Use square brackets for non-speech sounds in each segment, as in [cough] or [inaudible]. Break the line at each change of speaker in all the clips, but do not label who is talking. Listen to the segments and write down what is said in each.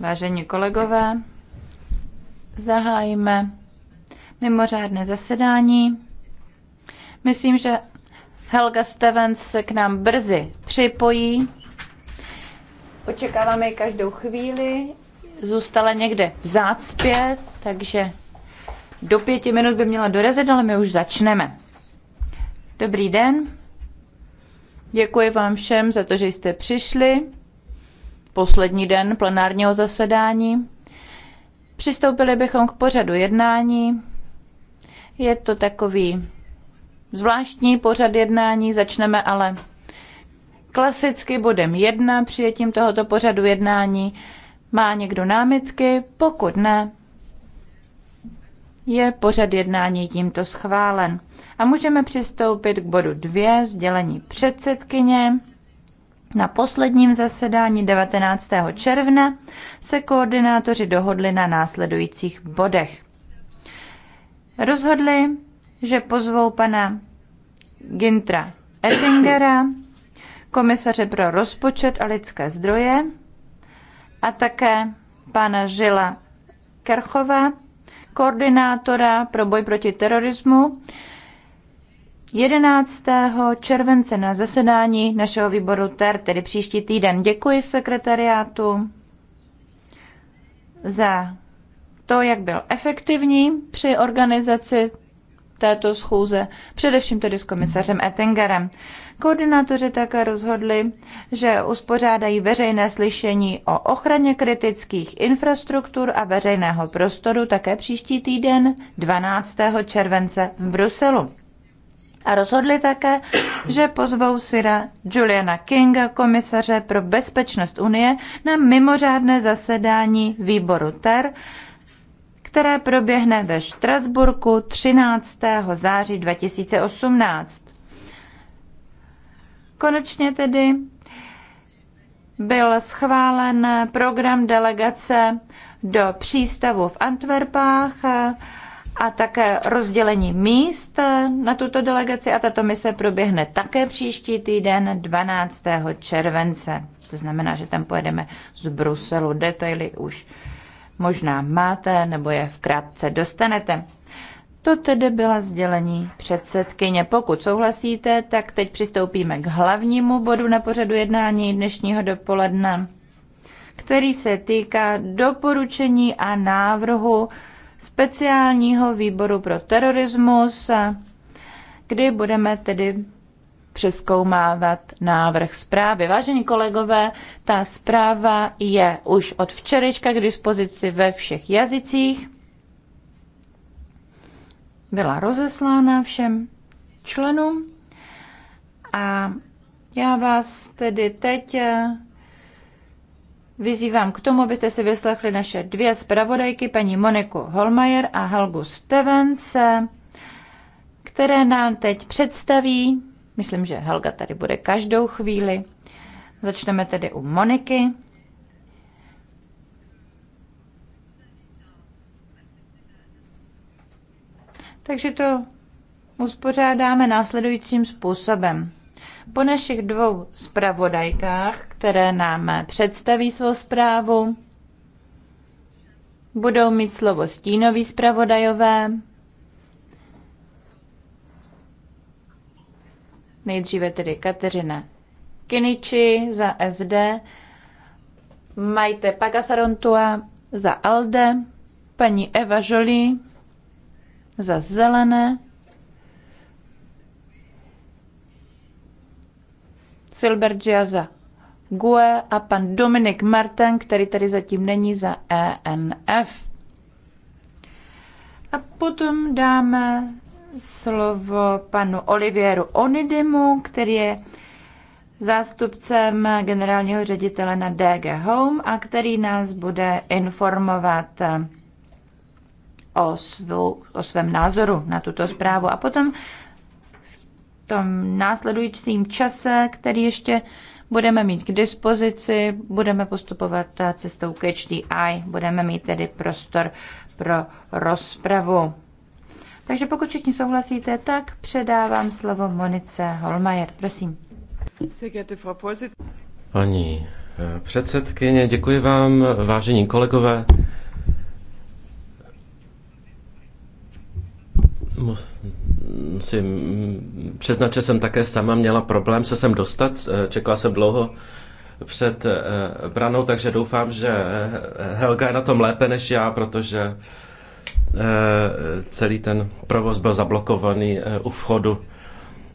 Vážení kolegové, zahájíme mimořádné zasedání. Myslím, že Helga Stevens se k nám brzy připojí. Očekáváme ji každou chvíli. Zůstala někde v zácpě, takže do pěti minut by měla dorazit, ale my už začneme. Dobrý den. Děkuji vám všem za to, že jste přišli poslední den plenárního zasedání. Přistoupili bychom k pořadu jednání. Je to takový zvláštní pořad jednání, začneme ale klasicky bodem jedna přijetím tohoto pořadu jednání. Má někdo námitky? Pokud ne, je pořad jednání tímto schválen. A můžeme přistoupit k bodu 2, sdělení předsedkyně. Na posledním zasedání 19. června se koordinátoři dohodli na následujících bodech. Rozhodli, že pozvou pana Gintra Ettingera, komisaře pro rozpočet a lidské zdroje, a také pana Žila Kerchova, koordinátora pro boj proti terorismu, 11. července na zasedání našeho výboru TER, tedy příští týden. Děkuji sekretariátu za to, jak byl efektivní při organizaci této schůze, především tedy s komisařem Ettingerem. Koordinátoři také rozhodli, že uspořádají veřejné slyšení o ochraně kritických infrastruktur a veřejného prostoru také příští týden 12. července v Bruselu a rozhodli také, že pozvou Syra Juliana Kinga, komisaře pro bezpečnost Unie, na mimořádné zasedání výboru TER, které proběhne ve Štrasburku 13. září 2018. Konečně tedy byl schválen program delegace do přístavu v Antwerpách a také rozdělení míst eh, na tuto delegaci a tato mise proběhne také příští týden 12. července. To znamená, že tam pojedeme z Bruselu. Detaily už možná máte nebo je vkrátce dostanete. To tedy byla sdělení předsedkyně. Pokud souhlasíte, tak teď přistoupíme k hlavnímu bodu na pořadu jednání dnešního dopoledne, který se týká doporučení a návrhu speciálního výboru pro terorismus, kdy budeme tedy přeskoumávat návrh zprávy. Vážení kolegové, ta zpráva je už od včerejška k dispozici ve všech jazycích. Byla rozeslána všem členům a já vás tedy teď Vyzývám k tomu, abyste si vyslechli naše dvě zpravodajky, paní Moniku Holmajer a Helgu Stevens, které nám teď představí. Myslím, že Helga tady bude každou chvíli. Začneme tedy u Moniky. Takže to uspořádáme následujícím způsobem. Po našich dvou zpravodajkách, které nám představí svou zprávu, budou mít slovo stínoví zpravodajové. Nejdříve tedy Kateřina Kiniči za SD, Majte Pagasarontua za ALDE, paní Eva Jolie za Zelené Silber za GUE a pan Dominik Marten, který tady zatím není za ENF. A potom dáme slovo panu Olivieru Onidimu, který je zástupcem generálního ředitele na DG Home a který nás bude informovat o, svou, o svém názoru na tuto zprávu. A potom tom následujícím čase, který ještě budeme mít k dispozici, budeme postupovat cestou k HDI, budeme mít tedy prostor pro rozpravu. Takže pokud všichni souhlasíte, tak předávám slovo Monice Holmajer. Prosím.
Paní eh, předsedkyně, děkuji vám, vážení kolegové. Mus si mm, přiznat, že jsem také sama měla problém se sem dostat. Eh, čekala jsem dlouho před eh, branou, takže doufám, že eh, Helga je na tom lépe než já, protože celý ten provoz byl zablokovaný u vchodu.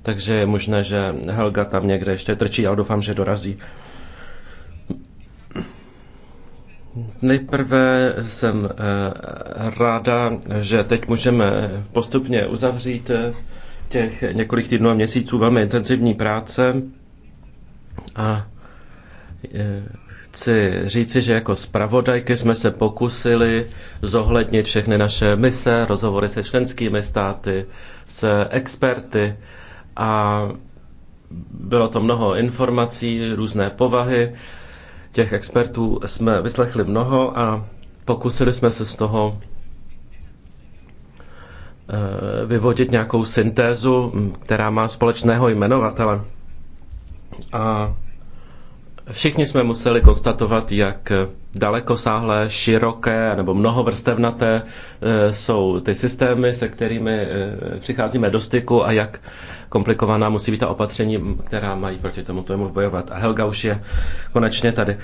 Takže je možné, že Helga tam někde ještě trčí, ale doufám, že dorazí. Nejprve jsem eh, ráda, že teď můžeme postupně uzavřít eh, těch několik týdnů a měsíců velmi intenzivní práce a eh, chci říci, že jako zpravodajky jsme se pokusili zohlednit všechny naše mise, rozhovory se členskými státy, s experty a bylo to mnoho informací různé povahy Těch expertů jsme vyslechli mnoho a pokusili jsme se z toho eh, vyvodit nějakou syntézu, která má společného jmenovatele. A Všichni jsme museli konstatovat, jak daleko sáhlé, široké nebo mnohovrstevnaté eh, jsou ty systémy, se kterými eh, přicházíme do styku a jak komplikovaná musí být ta opatření, která mají proti tomu tomu bojovat. A Helga už je konečně tady.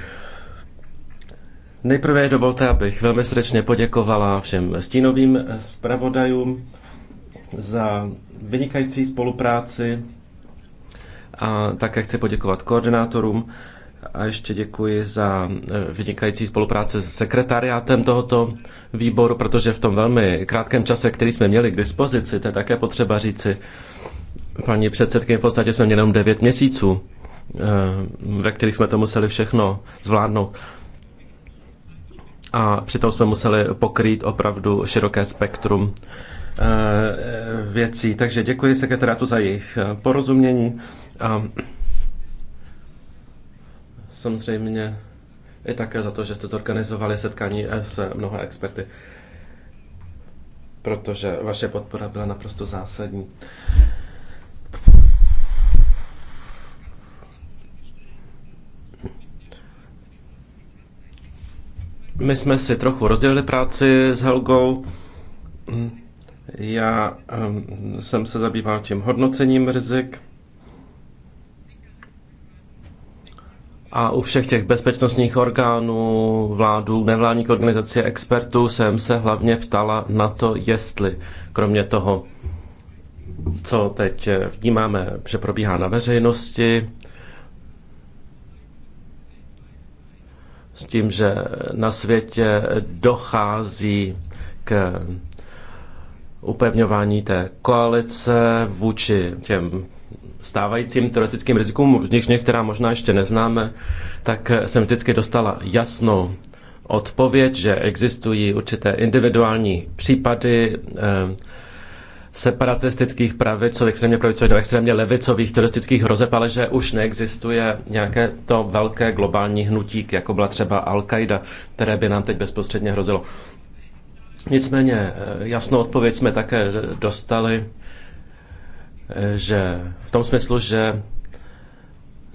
Nejprve dovolte, abych velmi srdečně poděkovala všem stínovým eh, zpravodajům za vynikající spolupráci a také chci poděkovat koordinátorům a ještě děkuji za eh, vynikající spolupráce s sekretariátem tohoto výboru, protože v tom velmi krátkém čase, který jsme měli k dispozici, to je také potřeba říci, paní předsedkyně, v podstatě jsme měli jenom 9 měsíců, eh, ve kterých jsme to museli všechno zvládnout. A přitom jsme museli pokrýt opravdu široké spektrum eh, věcí. Takže děkuji sekretariátu za jejich porozumění. A samozřejmě i také za to, že jste zorganizovali setkání eh, s mnoha experty, protože vaše podpora byla naprosto zásadní. My jsme si trochu rozdělili práci s Helgou. Já ehm, jsem se zabýval tím hodnocením rizik a u všech těch bezpečnostních orgánů, vládů, nevládních organizací a expertů jsem se hlavně ptala na to, jestli kromě toho, co teď vnímáme, že probíhá na veřejnosti, s tím, že na světě dochází k upevňování té koalice vůči těm stávajícím teoretickým rizikům, z nich některá možná ještě neznáme, tak jsem vždycky dostala jasnou odpověď, že existují určité individuální případy eh, separatistických pravicových, extrémně pravicových nebo extrémně levicových teroristických hrozeb, ale že už neexistuje nějaké to velké globální hnutí, jako byla třeba Al-Qaida, které by nám teď bezprostředně hrozilo. Nicméně eh, jasnou odpověď jsme také dostali že v tom smyslu, že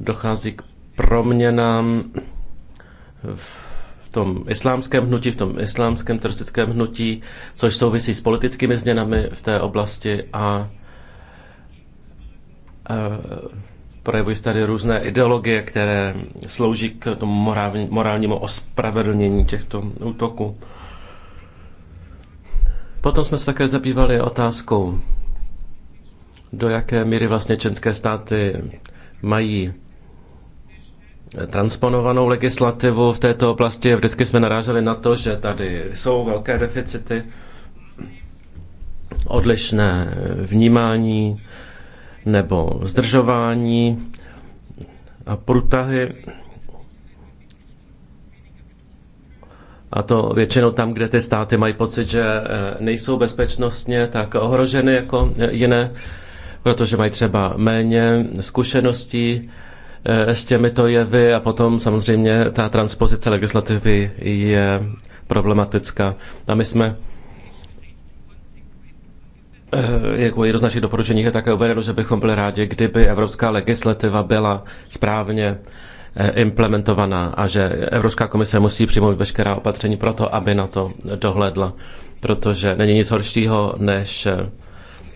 dochází k proměnám v tom islámském hnutí, v tom islámském teroristickém hnutí, což souvisí s politickými změnami v té oblasti a e, projevují tady různé ideologie, které slouží k tomu morální, morálnímu ospravedlnění těchto útoků. Potom jsme se také zabývali otázkou do jaké míry vlastně členské státy mají transponovanou legislativu v této oblasti. Vždycky jsme naráželi na to, že tady jsou velké deficity, odlišné vnímání nebo zdržování a průtahy. A to většinou tam, kde ty státy mají pocit, že eh, nejsou bezpečnostně tak ohroženy jako eh, jiné protože mají třeba méně zkušeností eh, s těmito jevy a potom samozřejmě ta transpozice legislativy je problematická. A my jsme eh, jako jedno z našich doporučení je také uvedeno, že bychom byli rádi, kdyby evropská legislativa byla správně eh, implementovaná a že Evropská komise musí přijmout veškerá opatření pro to, aby na to dohledla, protože není nic horšího, než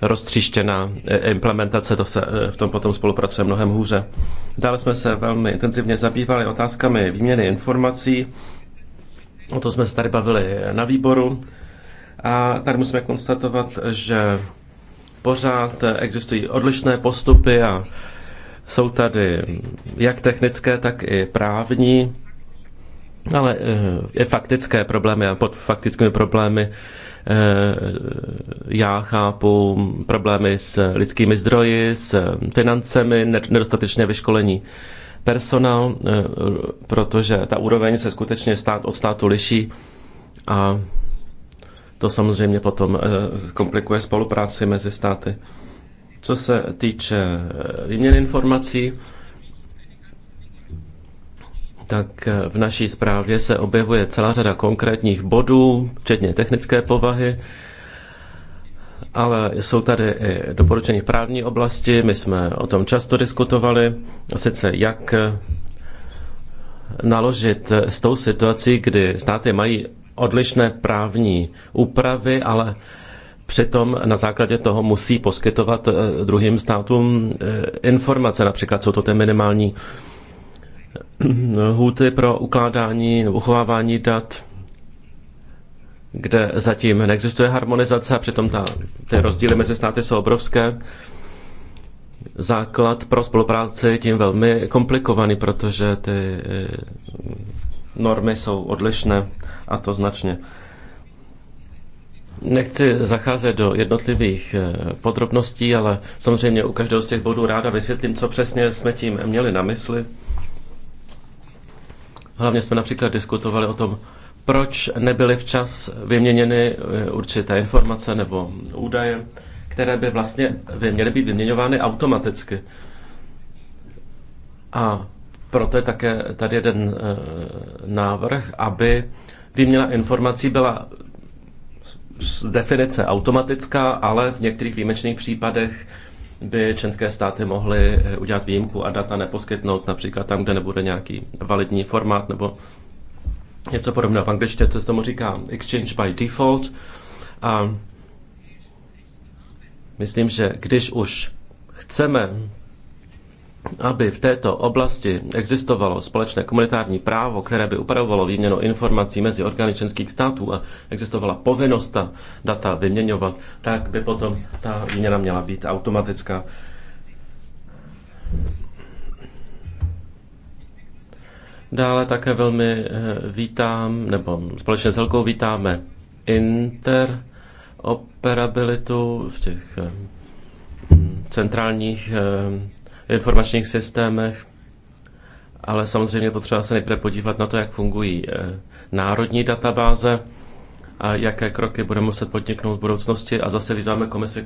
roztříštěná e, implementace, to se e, v tom potom spolupracuje mnohem hůře. Dále jsme se velmi intenzivně zabývali otázkami výměny informací, o to jsme se tady bavili na výboru a tady musíme konstatovat, že pořád existují odlišné postupy a jsou tady jak technické, tak i právní, ale e, i faktické problémy a pod faktickými problémy Eh, já chápu problémy s lidskými zdroji, s financemi, nedostatečné vyškolení personál, eh, protože ta úroveň se skutečně stát od státu liší a to samozřejmě potom eh, komplikuje spolupráci mezi státy. Co se týče výměny informací, tak eh, v naší zprávě se objevuje celá řada konkrétních bodů, včetně technické povahy, ale jsou tady i doporučení právní oblasti, my jsme o tom často diskutovali, sice jak eh, naložit s tou situací, kdy státy mají odlišné právní úpravy, ale Přitom na základě toho musí poskytovat eh, druhým státům informace, například jsou to ty minimální [clears throat] hůty pro ukládání nebo uchovávání dat, kde zatím neexistuje harmonizace a přitom ta, ty rozdíly mezi státy jsou obrovské. Základ pro spolupráci je tím velmi komplikovaný, protože ty eh, normy jsou odlišné a to značně. Nechci zacházet do jednotlivých eh, podrobností, ale samozřejmě u každého z těch bodů ráda vysvětlím, co přesně jsme tím měli na mysli. Hlavně jsme například diskutovali o tom, proč nebyly včas vyměněny eh, určité informace nebo údaje, které by vlastně měly být vyměňovány automaticky. A proto je také tady jeden eh, návrh, aby výměna informací byla z definice automatická, ale v některých výjimečných případech by členské státy mohly eh, udělat výjimku a data neposkytnout, například tam, kde nebude nějaký validní formát nebo něco podobného. V angličtě to se tomu říká exchange by default. A myslím, že když už chceme aby v této oblasti existovalo společné komunitární právo, které by upravovalo výměnu informací mezi orgány členských států a existovala povinnost ta data vyměňovat, tak by potom ta výměna měla být automatická. Dále také velmi eh, vítám, nebo společně s Helkou vítáme interoperabilitu v těch eh, centrálních eh, informačních systémech, ale samozřejmě potřeba se nejprve podívat na to, jak fungují eh, národní databáze a jaké kroky budeme muset podniknout v budoucnosti a zase vyzváme komisi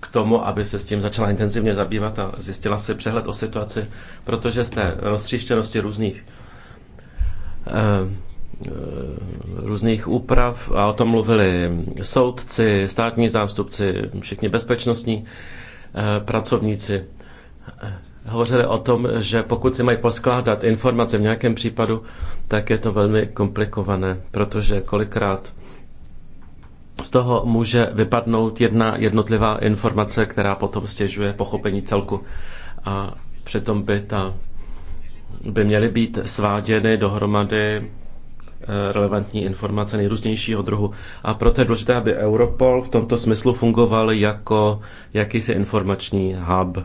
k tomu, aby se s tím začala intenzivně zabývat a zjistila si přehled o situaci, protože z té rozstříštěnosti různých eh, eh, různých úprav a o tom mluvili soudci, státní zástupci, všichni bezpečnostní pracovníci hovořili o tom, že pokud si mají poskládat informace v nějakém případu, tak je to velmi komplikované, protože kolikrát z toho může vypadnout jedna jednotlivá informace, která potom stěžuje pochopení celku. A přitom by, ta, by měly být sváděny dohromady eh, relevantní informace nejrůznějšího druhu. A proto je důležité, aby Europol v tomto smyslu fungoval jako jakýsi informační hub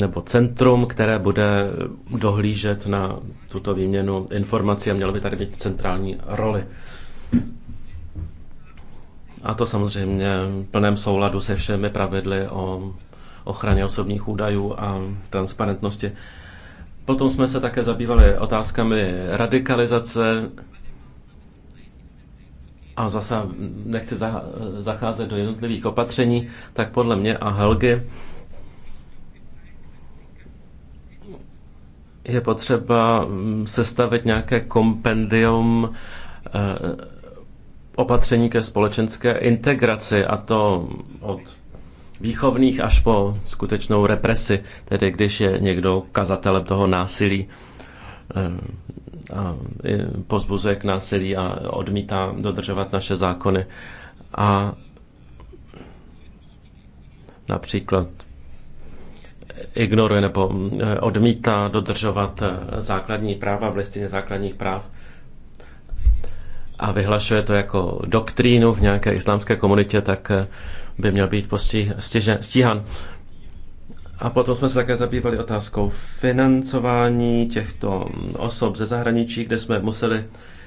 nebo centrum, které bude dohlížet na tuto výměnu informací a mělo by tady být centrální roli. A to samozřejmě v plném souladu se všemi pravidly o ochraně osobních údajů a transparentnosti. Potom jsme se také zabývali otázkami radikalizace a zase nechci zacházet do jednotlivých opatření, tak podle mě a Helgy je potřeba mm, sestavit nějaké kompendium eh, opatření ke společenské integraci, a to od výchovných až po skutečnou represi, tedy když je někdo kazatelem toho násilí eh, a pozbuzuje k násilí a odmítá dodržovat naše zákony. A například ignoruje nebo mm, eh, odmítá dodržovat eh, základní práva v listině základních práv a vyhlašuje to jako doktrínu v nějaké islámské komunitě, tak eh, by měl být postih, stiže, stíhan. A potom jsme se také zabývali otázkou financování těchto mm, osob ze zahraničí, kde jsme museli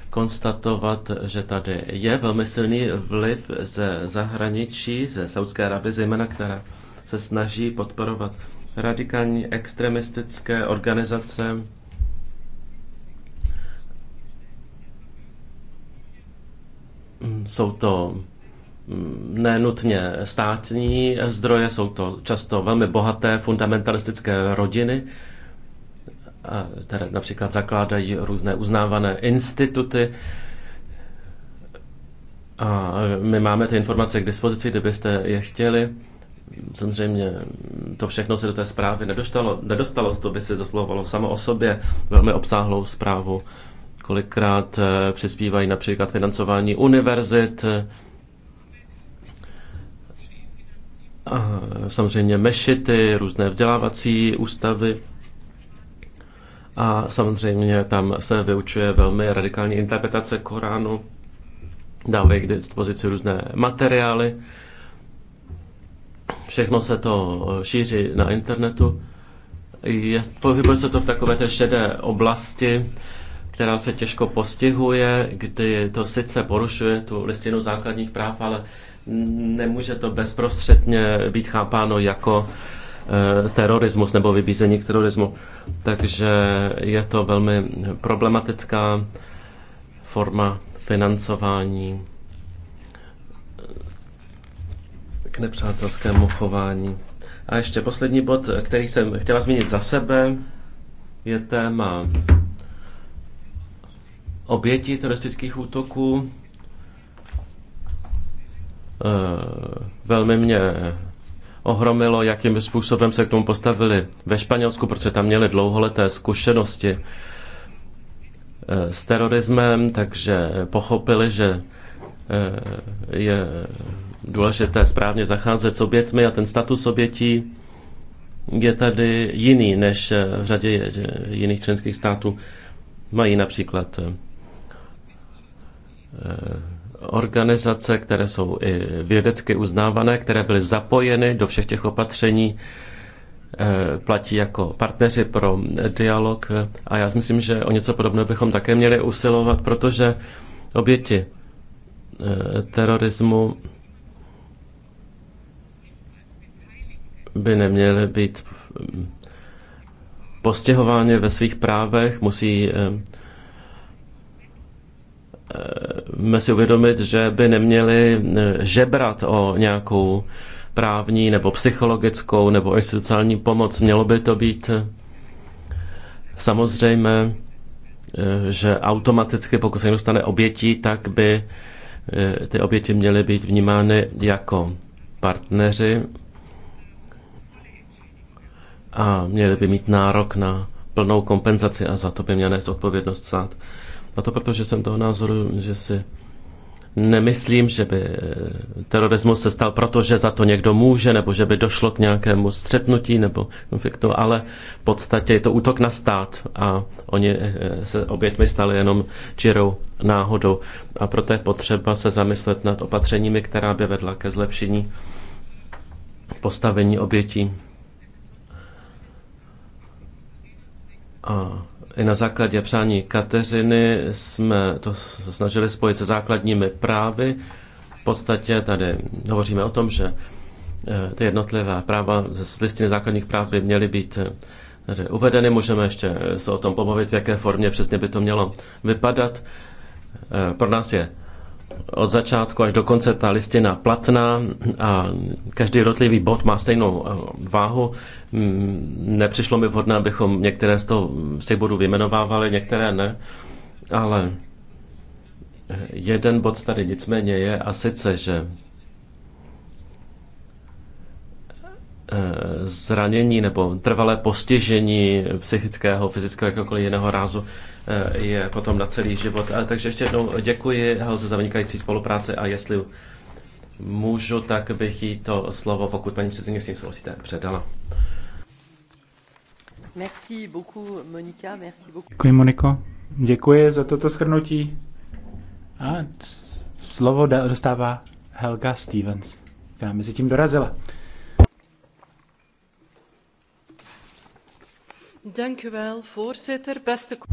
konstatovat, že tady je velmi silný vliv ze zahraničí, ze Saudské Arabie zejména, která se snaží podporovat radikální extremistické organizace jsou to mm, nenutně státní zdroje, jsou to často velmi bohaté fundamentalistické rodiny, které například zakládají různé uznávané instituty. A my máme ty informace k dispozici, kdybyste je chtěli. Samozřejmě to všechno se do té zprávy nedostalo, nedostalo to by se zaslouhovalo samo o sobě velmi obsáhlou zprávu. Kolikrát eh, přispívají například financování univerzit, samozřejmě mešity, různé vzdělávací ústavy. A samozřejmě tam se vyučuje velmi radikální interpretace Koránu, dávají k dispozici různé materiály, Všechno se to eh, šíří na internetu. Je, pohybuje se to v takové té šedé oblasti, která se těžko postihuje, kdy to sice porušuje tu listinu základních práv, ale nemůže to bezprostředně být chápáno jako eh, terorismus nebo vybízení k terorismu. Takže je to velmi problematická forma financování k nepřátelskému chování. A ještě poslední bod, který jsem chtěla zmínit za sebe, je téma oběti teroristických útoků. Eh, velmi mě ohromilo, jakým způsobem se k tomu postavili ve Španělsku, protože tam měli dlouholeté zkušenosti eh, s terorismem, takže pochopili, že eh, je důležité správně zacházet s obětmi a ten status obětí je tady jiný než v řadě jiných členských států. Mají například eh, organizace, které jsou i vědecky uznávané, které byly zapojeny do všech těch opatření, eh, platí jako partneři pro dialog a já si myslím, že o něco podobného bychom také měli usilovat, protože oběti eh, terorismu by neměly být mm, postihováni ve svých právech, musí eh, eh, si uvědomit, že by neměli eh, žebrat o nějakou právní nebo psychologickou nebo institucionální pomoc. Mělo by to být samozřejmé, že automaticky, pokud se někdo stane obětí, tak by ty oběti měly být vnímány jako partneři a měli by mít nárok na plnou kompenzaci a za to by měla nést odpovědnost stát. A to protože jsem toho názoru, že si nemyslím, že by eh, terorismus se stal proto, že za to někdo může, nebo že by došlo k nějakému střetnutí nebo konfliktu, ale v podstatě je to útok na stát a oni eh, se oběťmi stali jenom čirou náhodou. A proto je potřeba se zamyslet nad opatřeními, která by vedla ke zlepšení postavení obětí. A i na základě přání Kateřiny jsme to snažili spojit se základními právy. V podstatě tady hovoříme o tom, že e, ty jednotlivé práva z listiny základních práv by měly být e, tady uvedeny. Můžeme ještě se o tom pobavit, v jaké formě přesně by to mělo vypadat. E, pro nás je od začátku až do konce ta listina platná a každý rotlivý bod má stejnou eh, váhu. Mm, nepřišlo mi vhodné, abychom některé z, toho, z těch bodů vyjmenovávali, některé ne, ale eh, jeden bod tady nicméně je a sice, že eh, zranění nebo trvalé postižení psychického, fyzického, jakéhokoliv jiného rázu Eh, je potom na celý život. A, takže ještě jednou děkuji Helze za vynikající spolupráci a jestli můžu, tak bych jí to slovo, pokud paní předsedkyně s tím souhlasíte, předala.
Merci beaucoup,
Monika. Merci beaucoup. Děkuji, Moniko. Děkuji za toto shrnutí. A slovo dostává Helga Stevens, která mezi tím dorazila.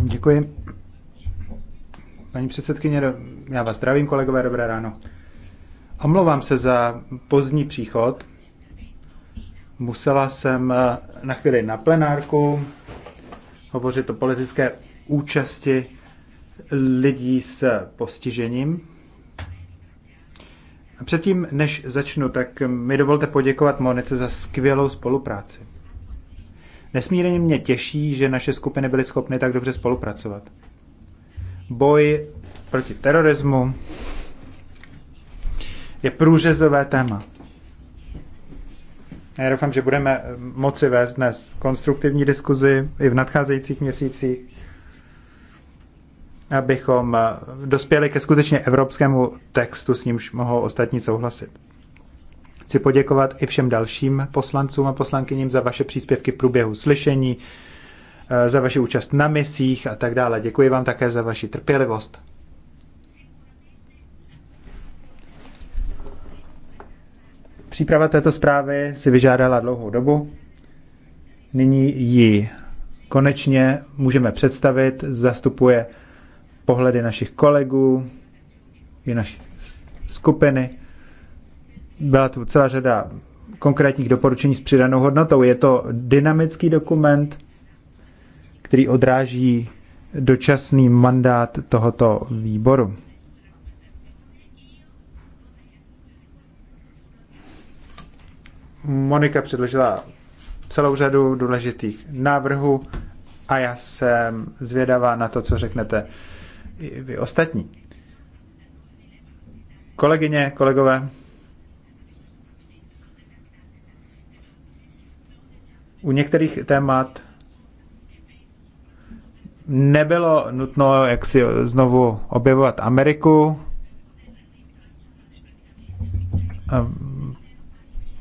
Děkuji. Paní předsedkyně, já vás zdravím, kolegové, dobré ráno. Omlouvám se za pozdní příchod. Musela jsem eh, na chvíli na plenárku hovořit o politické účasti lidí s postižením. A předtím, než začnu, tak mi dovolte poděkovat Monice za skvělou spolupráci. Nesmírně mě těší, že naše skupiny byly schopny tak dobře spolupracovat. Boj proti terorismu je průřezové téma. A já doufám, že budeme eh, moci vést dnes konstruktivní diskuzi i v nadcházejících měsících, abychom eh, dospěli ke skutečně evropskému textu, s nímž mohou ostatní souhlasit. Chci poděkovat i všem dalším poslancům a poslankyním za vaše příspěvky v průběhu slyšení, eh, za vaši účast na misích a tak dále. Děkuji vám také za vaši trpělivost. Příprava této zprávy si vyžádala dlouhou dobu. Nyní ji konečně můžeme představit. Zastupuje pohledy našich kolegů i naší skupiny byla tu celá řada konkrétních doporučení s přidanou hodnotou. Je to dynamický dokument, který odráží dočasný mandát tohoto výboru. Monika předložila celou řadu důležitých návrhů a já jsem zvědavá na to, co řeknete vy ostatní. Kolegyně, kolegové, u některých témat nebylo nutno jak si znovu objevovat Ameriku.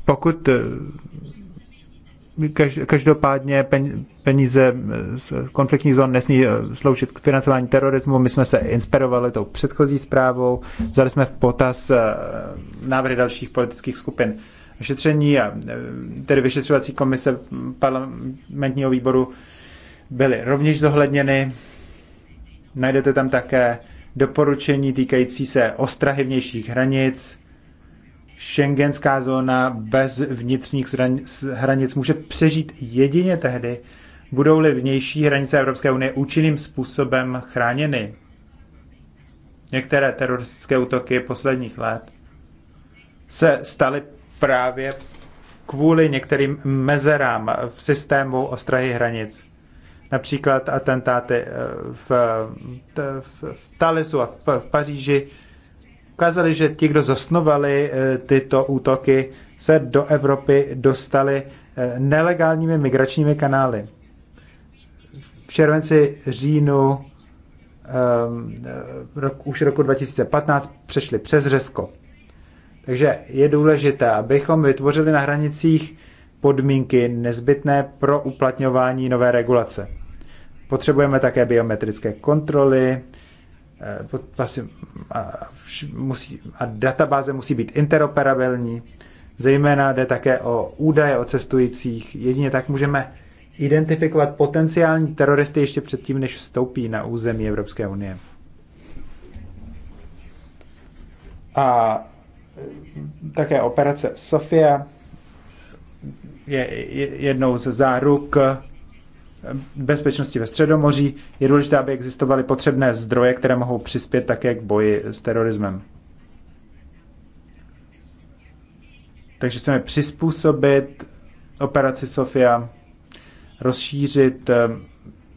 Pokud e, každopádně peníze z konfliktních zón nesmí e, sloužit k financování terorismu. My jsme se inspirovali tou předchozí zprávou, vzali jsme v potaz e, návrhy dalších politických skupin vyšetření a eh, tedy vyšetřovací komise parlamentního výboru byly rovněž zohledněny. Najdete tam také doporučení týkající se ostrahy vnějších hranic. Schengenská zóna bez vnitřních hranic může přežít jedině tehdy, budou-li vnější hranice Evropské unie účinným způsobem chráněny. Některé teroristické útoky posledních let se staly právě kvůli některým mezerám v systému ostrahy hranic. Například atentáty eh, v, v, v Talisu a v, v Paříži ukázali, že ti, kdo zasnovali eh, tyto útoky, se do Evropy dostali eh, nelegálními migračními kanály. V červenci, říjnu um, rok, už roku 2015 přešli přes Řesko. Takže je důležité, abychom vytvořili na hranicích podmínky nezbytné pro uplatňování nové regulace. Potřebujeme také biometrické kontroly, eh, vlastně, a, musí, a databáze musí být interoperabilní, zejména jde také o údaje o cestujících. Jedině tak můžeme identifikovat potenciální teroristy ještě předtím, než vstoupí na území Evropské unie. A také operace Sofia je jednou ze záruk bezpečnosti ve Středomoří. Je důležité, aby existovaly potřebné zdroje, které mohou přispět také k boji s terorismem. Takže chceme přizpůsobit operaci Sofia, rozšířit eh,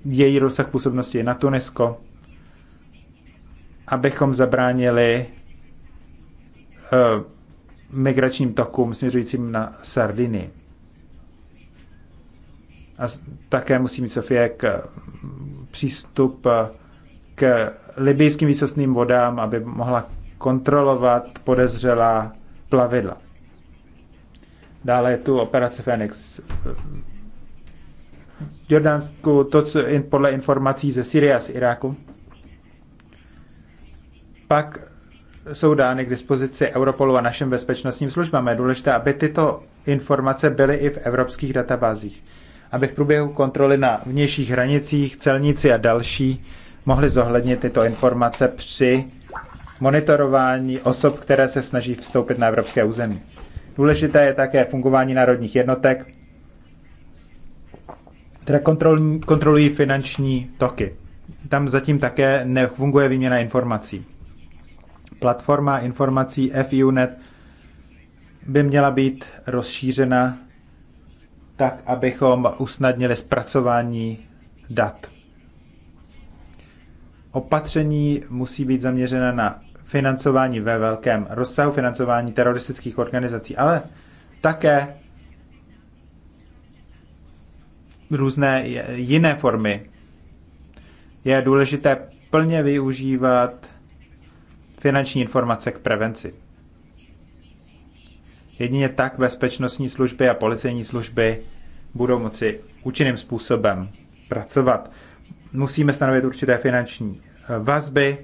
její rozsah působnosti na Tunisko, abychom zabránili Eh, migračním tokům směřujícím na Sardiny. A také musí mít Sofie k eh, přístup eh, k libijským výsostným vodám, aby mohla kontrolovat podezřelá plavidla. Dále je tu operace Phoenix. V Jordánsku to, co podle informací ze Syrie a z Iráku. Pak jsou dány k dispozici Europolu a našim bezpečnostním službám. Je důležité, aby tyto informace byly i v evropských databázích, aby v průběhu kontroly na vnějších hranicích, celníci a další mohli zohlednit tyto informace při monitorování osob, které se snaží vstoupit na evropské území. Důležité je také fungování národních jednotek, které kontrolují finanční toky. Tam zatím také nefunguje výměna informací platforma informací FUNET by měla být rozšířena tak, abychom usnadnili zpracování dat. Opatření musí být zaměřena na financování ve velkém rozsahu, financování teroristických organizací, ale také různé jiné formy. Je důležité plně využívat finanční informace k prevenci. Jedině tak bezpečnostní služby a policejní služby budou moci účinným způsobem pracovat. Musíme stanovit určité finanční eh, vazby,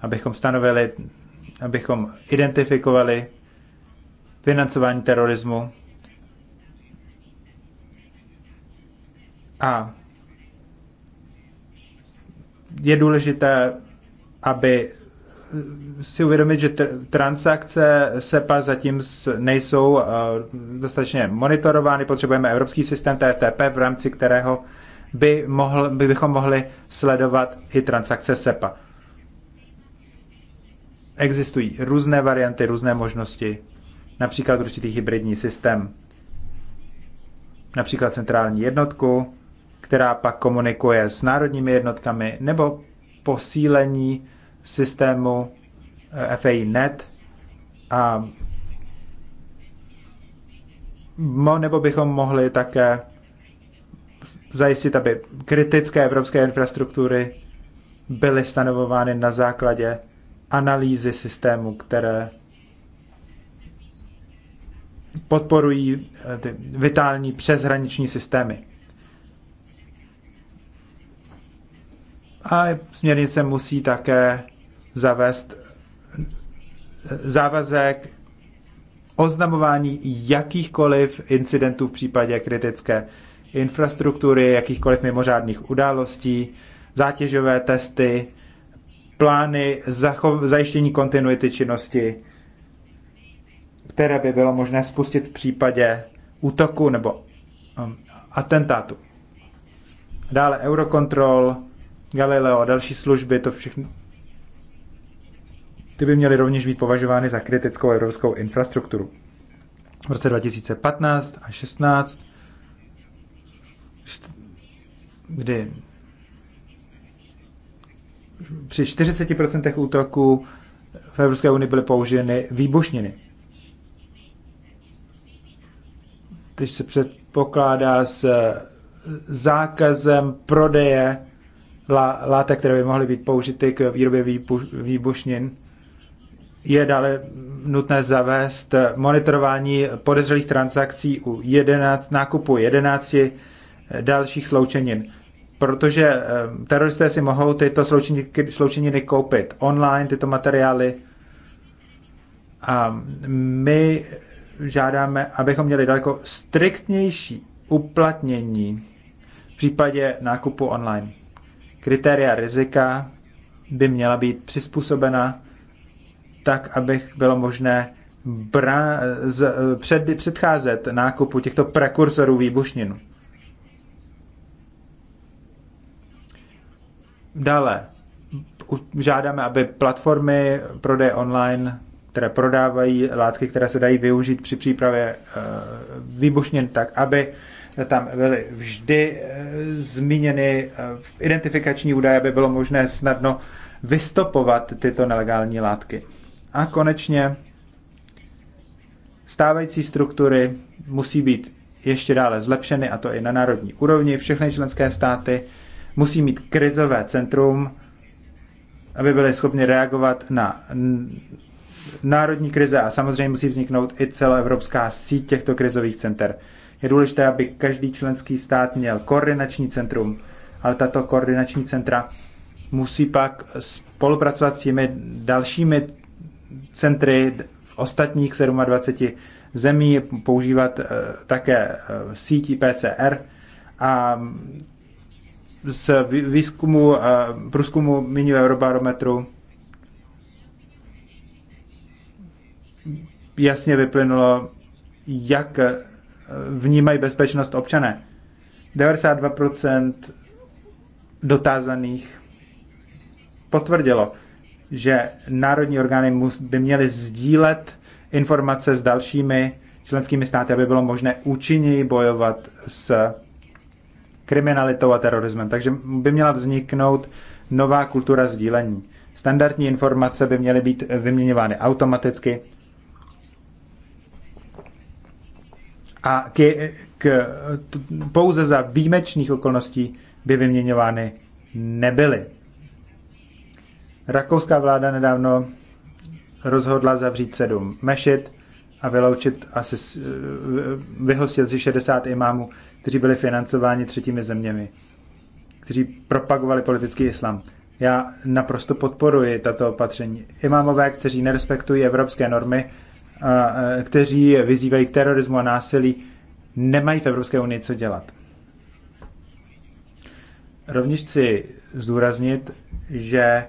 abychom stanovili, abychom identifikovali financování terorismu a je důležité, aby si uvědomit, že tr- transakce SEPA zatím nejsou uh, dostatečně monitorovány. Potřebujeme evropský systém TFTP, v rámci kterého by mohl, by bychom mohli sledovat i transakce SEPA. Existují různé varianty, různé možnosti, například určitý hybridní systém, například centrální jednotku, která pak komunikuje s národními jednotkami, nebo posílení systému eh, FAI.net a mo, nebo bychom mohli také zajistit, aby kritické evropské infrastruktury byly stanovovány na základě analýzy systému, které podporují eh, ty vitální přeshraniční systémy. A směrnice musí také zavést eh, závazek oznamování jakýchkoliv incidentů v případě kritické infrastruktury, jakýchkoliv mimořádných událostí, zátěžové testy, plány zachov- zajištění kontinuity činnosti, které by bylo možné spustit v případě útoku nebo um, atentátu. Dále Eurocontrol Galileo a další služby, to všichni ty by měly rovněž být považovány za kritickou evropskou infrastrukturu. V roce 2015 a 16, kdy při 40% útoků v Evropské unii byly použeny výbušniny. Teď se předpokládá s zákazem prodeje látek, které by mohly být použity k výrobě výbušnin. Je dále nutné zavést monitorování podezřelých transakcí u 11, nákupu 11 dalších sloučenin, protože eh, teroristé si mohou tyto sloučeniny, koupit online, tyto materiály. A my žádáme, abychom měli daleko striktnější uplatnění v případě nákupu online kritéria rizika by měla být přizpůsobena tak, aby bylo možné bra- z, před, předcházet nákupu těchto prekursorů výbušnin. Dále žádáme, aby platformy prodeje online, které prodávají látky, které se dají využít při přípravě eh, výbušnin, tak aby tam byly vždy eh, zmíněny eh, identifikační údaje, aby bylo možné snadno vystopovat tyto nelegální látky. A konečně stávající struktury musí být ještě dále zlepšeny, a to i na národní úrovni. Všechny členské státy musí mít krizové centrum, aby byly schopni reagovat na národní krize a samozřejmě musí vzniknout i celoevropská síť těchto krizových center. Je důležité, aby každý členský stát měl koordinační centrum, ale tato koordinační centra musí pak spolupracovat s těmi dalšími centry v ostatních 27 zemí, používat eh, také eh, síť PCR a mm, z výzkumu, eh, průzkumu mini Eurobarometru jasně vyplynulo, jak vnímají bezpečnost občané. 92% dotázaných potvrdilo, že národní orgány by měly sdílet informace s dalšími členskými státy, aby bylo možné účinněji bojovat s kriminalitou a terorismem. Takže by měla vzniknout nová kultura sdílení. Standardní informace by měly být vyměňovány automaticky a k, k, pouze za výjimečných okolností by vyměňovány nebyly. Rakouská vláda nedávno rozhodla zavřít sedm mešit a vyloučit asi, eh, vyhostit si 60 imámů, kteří byli financováni třetími zeměmi, kteří propagovali politický islám. Já naprosto podporuji tato opatření. Imámové, kteří nerespektují evropské normy, kteří vyzývají k terorismu a násilí, nemají v Evropské unii co dělat. Rovněž chci zdůraznit, že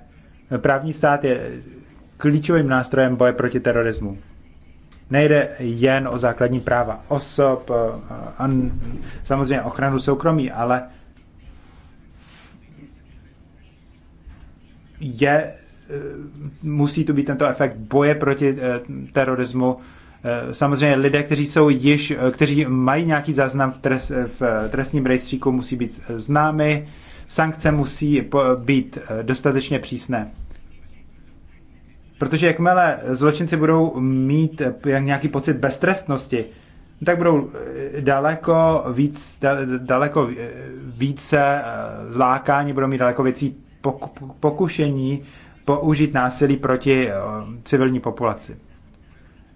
právní stát je klíčovým nástrojem boje proti terorismu. Nejde jen o základní práva osob a samozřejmě ochranu soukromí, ale je Eh, musí tu být tento efekt boje proti eh, terorismu. Eh, samozřejmě lidé, kteří jsou již, kteří mají nějaký záznam v, trest, v trestním rejstříku, musí být známy, sankce musí být dostatečně přísné. Protože jakmile zločinci budou mít nějaký pocit beztrestnosti, tak budou daleko, víc, daleko více zlákání, budou mít daleko věcí pokušení použít násilí proti eh, civilní populaci.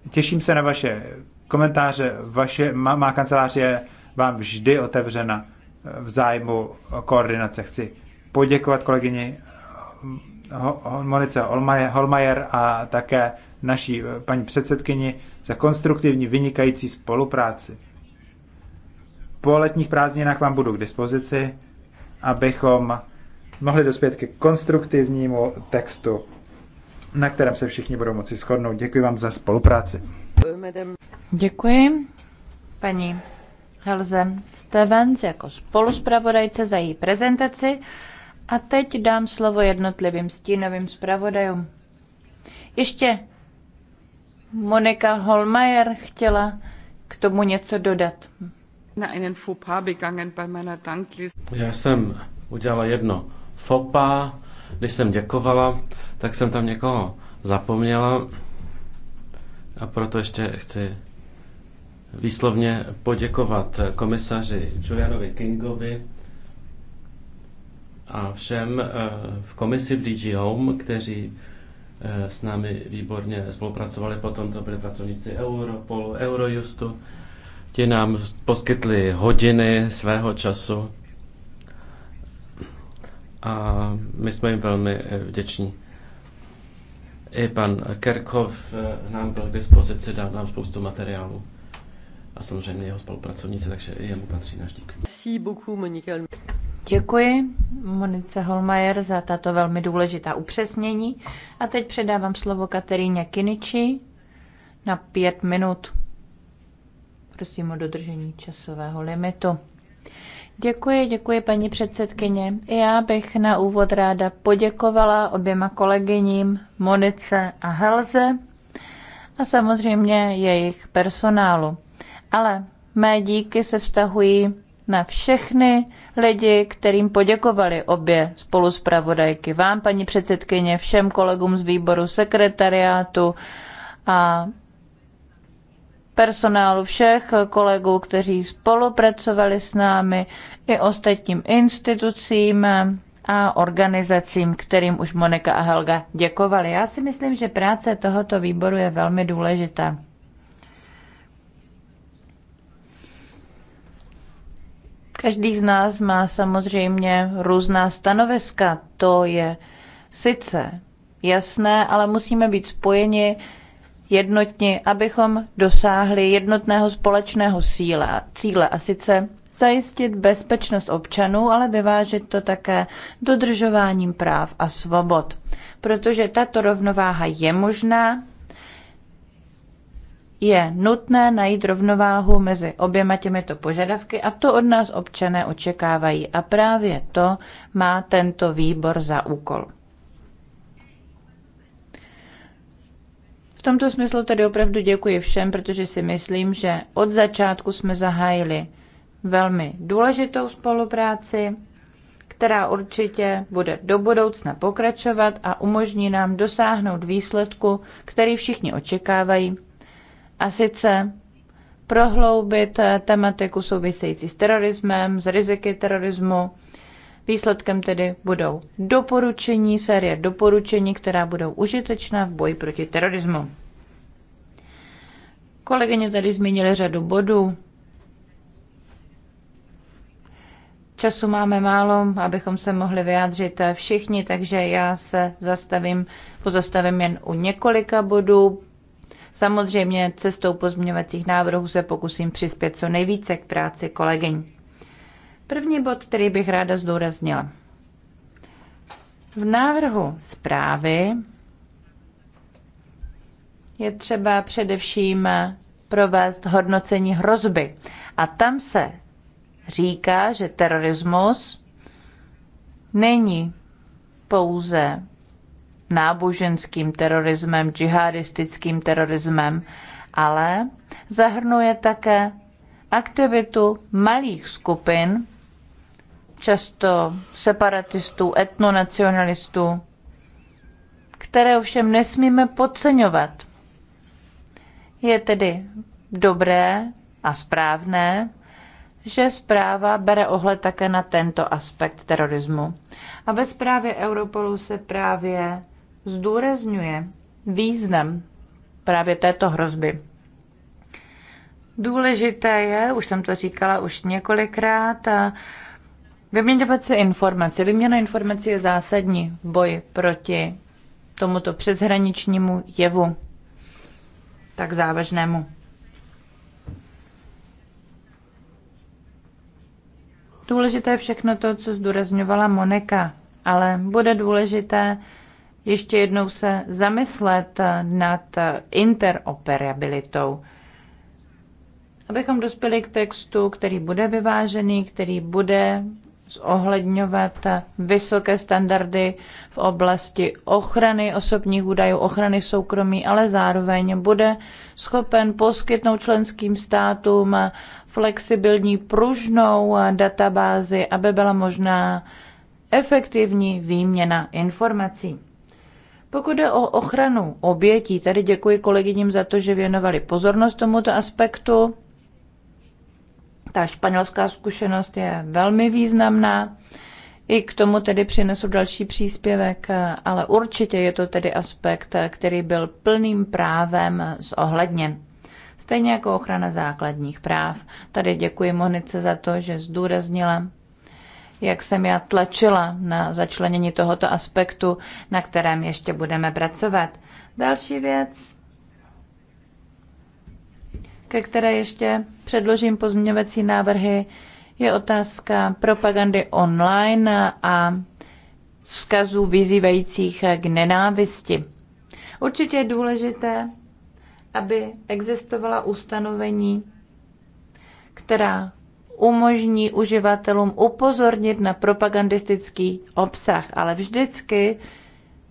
Těším se na vaše komentáře. Vaše, má, má kancelář je vám vždy otevřena eh, v zájmu koordinace. Chci poděkovat kolegyni eh, Monice Holmajer a také naší paní předsedkyni za konstruktivní, vynikající spolupráci. Po letních prázdninách vám budu k dispozici, abychom mohli dospět ke konstruktivnímu textu, na kterém se všichni budou moci shodnout. Děkuji vám za spolupráci.
Děkuji
paní Helze Stevens jako spoluspravodajce za její prezentaci a teď dám slovo jednotlivým stínovým zpravodajům. Ještě Monika Holmeier chtěla k tomu
něco dodat.
Já jsem udělala jedno FOPA, když jsem děkovala, tak jsem tam někoho zapomněla a proto ještě chci výslovně poděkovat komisaři Julianovi Kingovi a všem eh, v komisi v DG Home, kteří eh, s námi výborně spolupracovali. Potom to byli pracovníci Europolu, Eurojustu. Ti nám poskytli hodiny svého času a my jsme jim velmi eh, vděční. I pan Kerkov eh, nám byl k dispozici, dal nám spoustu materiálu a samozřejmě jeho spolupracovnice, takže i jemu patří náš dík.
Děkuji
Monice Holmajer za tato velmi důležitá upřesnění a teď předávám slovo Kateríně Kiniči na pět minut. Prosím o dodržení časového limitu. Děkuji, děkuji paní předsedkyně. Já bych na úvod ráda poděkovala oběma kolegyním Monice a Helze a samozřejmě jejich personálu. Ale mé díky se vztahují na všechny lidi, kterým poděkovali obě spoluspravodajky. Vám, paní předsedkyně, všem kolegům z výboru sekretariátu a personálu všech kolegů, kteří spolupracovali s námi, i ostatním institucím a organizacím, kterým už Monika a Helga děkovali. Já si myslím, že práce tohoto výboru je velmi důležitá. Každý z nás má samozřejmě různá stanoviska, to je sice jasné, ale musíme být spojeni jednotně, abychom dosáhli jednotného společného síla, cíle a sice zajistit bezpečnost občanů, ale vyvážit to také dodržováním práv a svobod. Protože tato rovnováha je možná, je nutné najít rovnováhu mezi oběma těmito požadavky a to od nás občané očekávají. A právě to má tento výbor za úkol. tomto smyslu tedy opravdu děkuji všem, protože si myslím, že od začátku jsme zahájili velmi důležitou spolupráci, která určitě bude do budoucna pokračovat a umožní nám dosáhnout výsledku, který všichni očekávají, a sice prohloubit tematiku související s terorismem, s riziky terorismu, Výsledkem tedy budou doporučení, série doporučení, která budou užitečná v boji proti terorismu. Kolegyně tady zmínili řadu bodů. Času máme málo, abychom se mohli vyjádřit všichni, takže já se zastavím, pozastavím jen u několika bodů. Samozřejmě cestou pozměňovacích návrhů se pokusím přispět co nejvíce k práci kolegyň. První bod, který bych ráda zdůraznila. V návrhu zprávy je třeba především provést hodnocení hrozby. A tam se říká, že terorismus není pouze náboženským terorismem, džihadistickým terorismem, ale zahrnuje také aktivitu malých skupin, často separatistů, etnonacionalistů, které ovšem nesmíme podceňovat. Je tedy dobré a správné, že zpráva bere ohled také na tento aspekt terorismu. A ve zprávě Europolu se právě zdůrazňuje význam právě této hrozby. Důležité je, už jsem to říkala už několikrát, a Vyměňovat se informace. Vyměna informací je zásadní v boji proti tomuto přeshraničnímu jevu tak závažnému. Důležité je všechno to, co zdůrazňovala Monika, ale bude důležité ještě jednou se zamyslet nad interoperabilitou. Abychom dospěli k textu, který bude vyvážený, který bude zohledňovat vysoké standardy v oblasti ochrany osobních údajů, ochrany soukromí, ale zároveň bude schopen poskytnout členským státům flexibilní pružnou databázi, aby byla možná efektivní výměna informací. Pokud jde o ochranu obětí, tady děkuji kolegyním za to, že věnovali pozornost tomuto aspektu. Ta španělská zkušenost je velmi významná. I k tomu tedy přinesu další příspěvek, ale určitě je to tedy aspekt, který byl plným právem zohledněn. Stejně jako ochrana základních práv. Tady děkuji Monice za to, že zdůraznila, jak jsem já tlačila na začlenění tohoto aspektu, na kterém ještě budeme pracovat. Další věc, ke které ještě předložím pozměňovací návrhy, je otázka propagandy online a vzkazů vyzývajících k nenávisti. Určitě je důležité, aby existovala ustanovení, která umožní uživatelům upozornit na propagandistický obsah, ale vždycky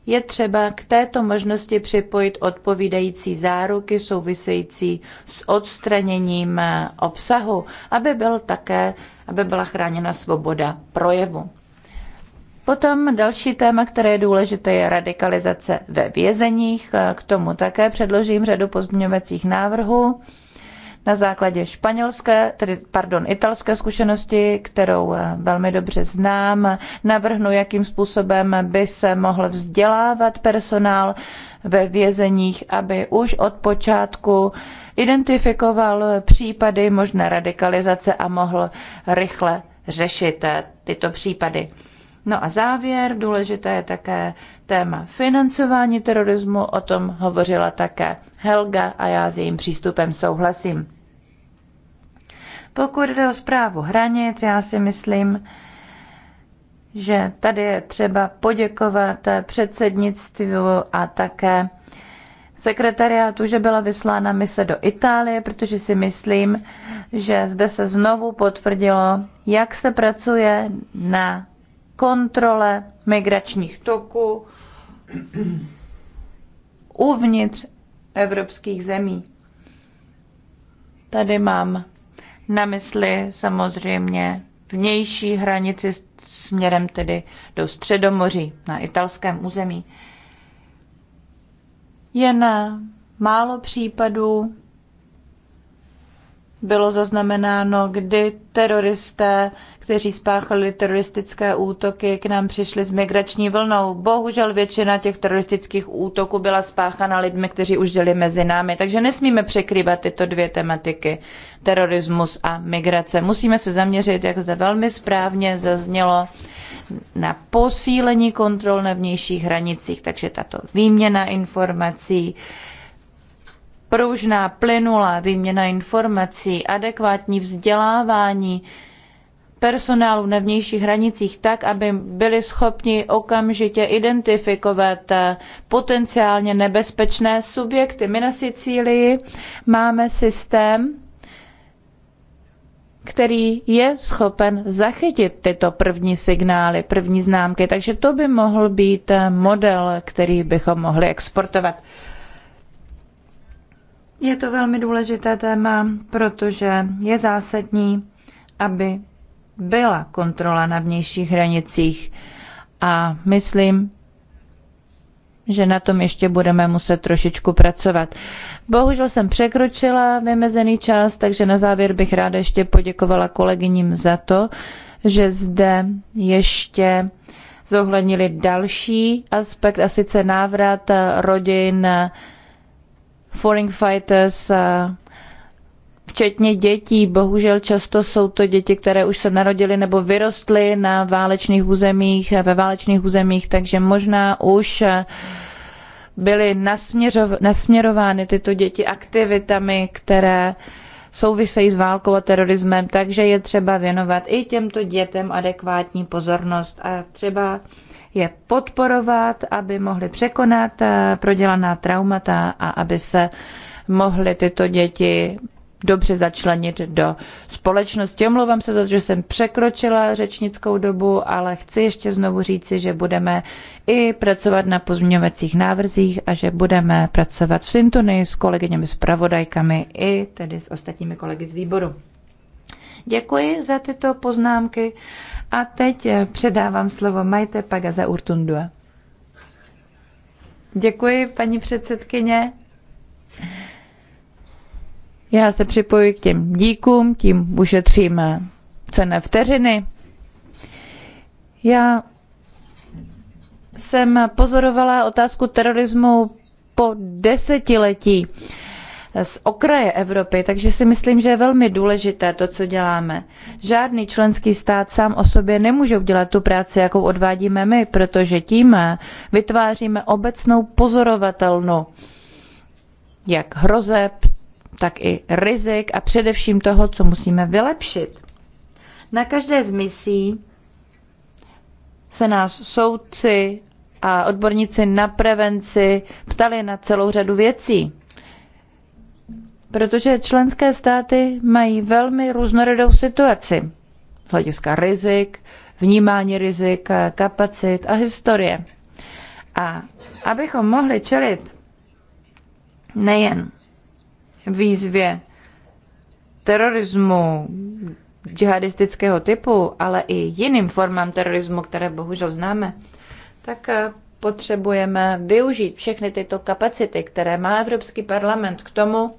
je třeba k této možnosti připojit odpovídající záruky související s odstraněním eh, obsahu, aby, byl také, aby byla chráněna svoboda projevu. Potom další téma, které je důležité, je radikalizace ve vězeních. Eh, k tomu také předložím řadu pozměňovacích návrhů na základě španělské, tedy pardon, italské zkušenosti, kterou eh, velmi dobře znám, navrhnu, jakým způsobem by se mohl vzdělávat personál ve vězeních, aby už od počátku identifikoval případy možné radikalizace a mohl rychle řešit eh, tyto případy. No a závěr, důležité je také téma financování terorismu, o tom hovořila také Helga a já s jejím přístupem souhlasím. Pokud jde o zprávu hranic, já si myslím, že tady je třeba poděkovat předsednictvu a také sekretariátu, že byla vyslána mise do Itálie, protože si myslím, že zde se znovu potvrdilo, jak se pracuje na kontrole migračních toků uvnitř evropských zemí. Tady mám na mysli samozřejmě vnější hranici směrem tedy do Středomoří na italském území. Jen málo případů bylo zaznamenáno, kdy teroristé, kteří spáchali teroristické útoky, k nám přišli s migrační vlnou. Bohužel většina těch teroristických útoků byla spáchána lidmi, kteří už žili mezi námi, takže nesmíme překrývat tyto dvě tematiky, terorismus a migrace. Musíme se zaměřit, jak zde velmi správně zaznělo, na posílení kontrol na vnějších hranicích, takže tato výměna informací, pružná, plynulá výměna informací, adekvátní vzdělávání personálu na vnějších hranicích tak, aby byli schopni okamžitě identifikovat eh, potenciálně nebezpečné subjekty. My na Sicílii máme systém, který je schopen zachytit tyto první signály, první známky. Takže to by mohl být eh, model, který bychom mohli exportovat. Je to velmi důležité téma, protože je zásadní, aby byla kontrola na vnějších hranicích. A myslím, že na tom ještě budeme muset trošičku pracovat. Bohužel jsem překročila vymezený čas, takže na závěr bych ráda ještě poděkovala kolegyním za to, že zde ještě zohlednili další aspekt, a sice návrat rodin foreign fighters, včetně dětí. Bohužel často jsou to děti, které už se narodily nebo vyrostly na válečných územích, ve válečných územích, takže možná už byly nasměrovány tyto děti aktivitami, které souvisejí s válkou a terorismem, takže je třeba věnovat i těmto dětem adekvátní pozornost a třeba je podporovat, aby mohli překonat eh, prodělaná traumata a aby se mohly tyto děti dobře začlenit do společnosti. Omlouvám se za to, že jsem překročila řečnickou dobu, ale chci ještě znovu říci, že budeme i pracovat na pozměňovacích návrzích a že budeme pracovat v syntonii s kolegyněmi s pravodajkami i tedy s ostatními kolegy z výboru. Děkuji za tyto poznámky a teď eh, předávám slovo Majte Pagaza Urtundua. Děkuji, paní předsedkyně. Já se připojuji k těm díkům, tím ušetřím eh, cené vteřiny. Já jsem pozorovala otázku terorismu po desetiletí z okraje Evropy, takže si myslím, že je velmi důležité to, co děláme. Žádný členský stát sám o sobě nemůže udělat tu práci, jakou odvádíme my, protože tím vytváříme obecnou pozorovatelnu jak hrozeb, tak i rizik a především toho, co musíme vylepšit. Na každé z misí se nás soudci a odborníci na prevenci ptali na celou řadu věcí protože členské státy mají velmi různorodou situaci z hlediska rizik, vnímání rizik, kapacit a historie. A abychom mohli čelit nejen výzvě terorismu džihadistického typu, ale i jiným formám terorismu, které bohužel známe, tak eh, potřebujeme využít všechny tyto kapacity, které má Evropský parlament k tomu,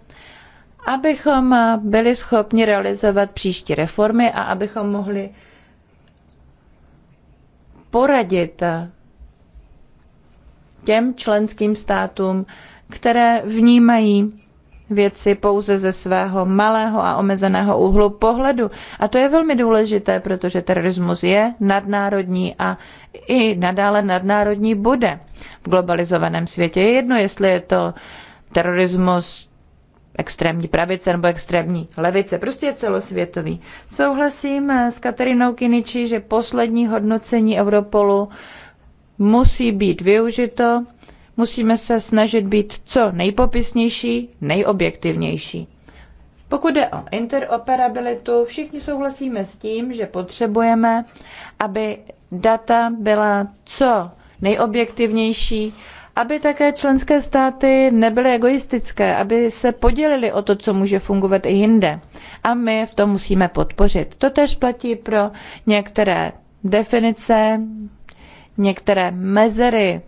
abychom byli schopni realizovat příští reformy a abychom mohli poradit těm členským státům, které vnímají věci pouze ze svého malého a omezeného úhlu pohledu. A to je velmi důležité, protože terorismus je nadnárodní a i nadále nadnárodní bude. V globalizovaném světě je jedno, jestli je to terorismus extrémní pravice nebo extrémní levice, prostě je celosvětový. Souhlasím eh, s Katerinou Kiniči, že poslední hodnocení Europolu musí být využito, musíme se snažit být co nejpopisnější, nejobjektivnější. Pokud jde o interoperabilitu, všichni souhlasíme s tím, že potřebujeme, aby data byla co nejobjektivnější aby také členské státy nebyly egoistické, aby se podělili o to, co může fungovat i jinde. A my v tom musíme podpořit. To tež platí pro některé definice, některé mezery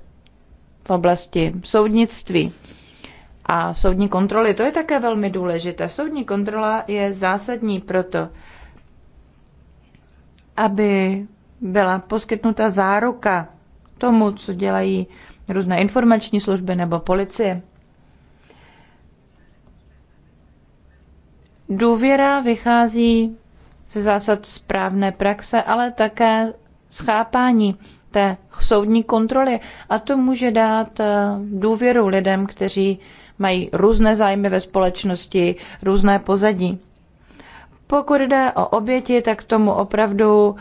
v oblasti soudnictví a soudní kontroly. To je také velmi důležité. Soudní kontrola je zásadní proto, aby byla poskytnuta záruka tomu, co dělají různé informační služby nebo policie. Důvěra vychází ze zásad správné praxe, ale také schápání té soudní kontroly. A to může dát eh, důvěru lidem, kteří mají různé zájmy ve společnosti, různé pozadí. Pokud jde o oběti, tak tomu opravdu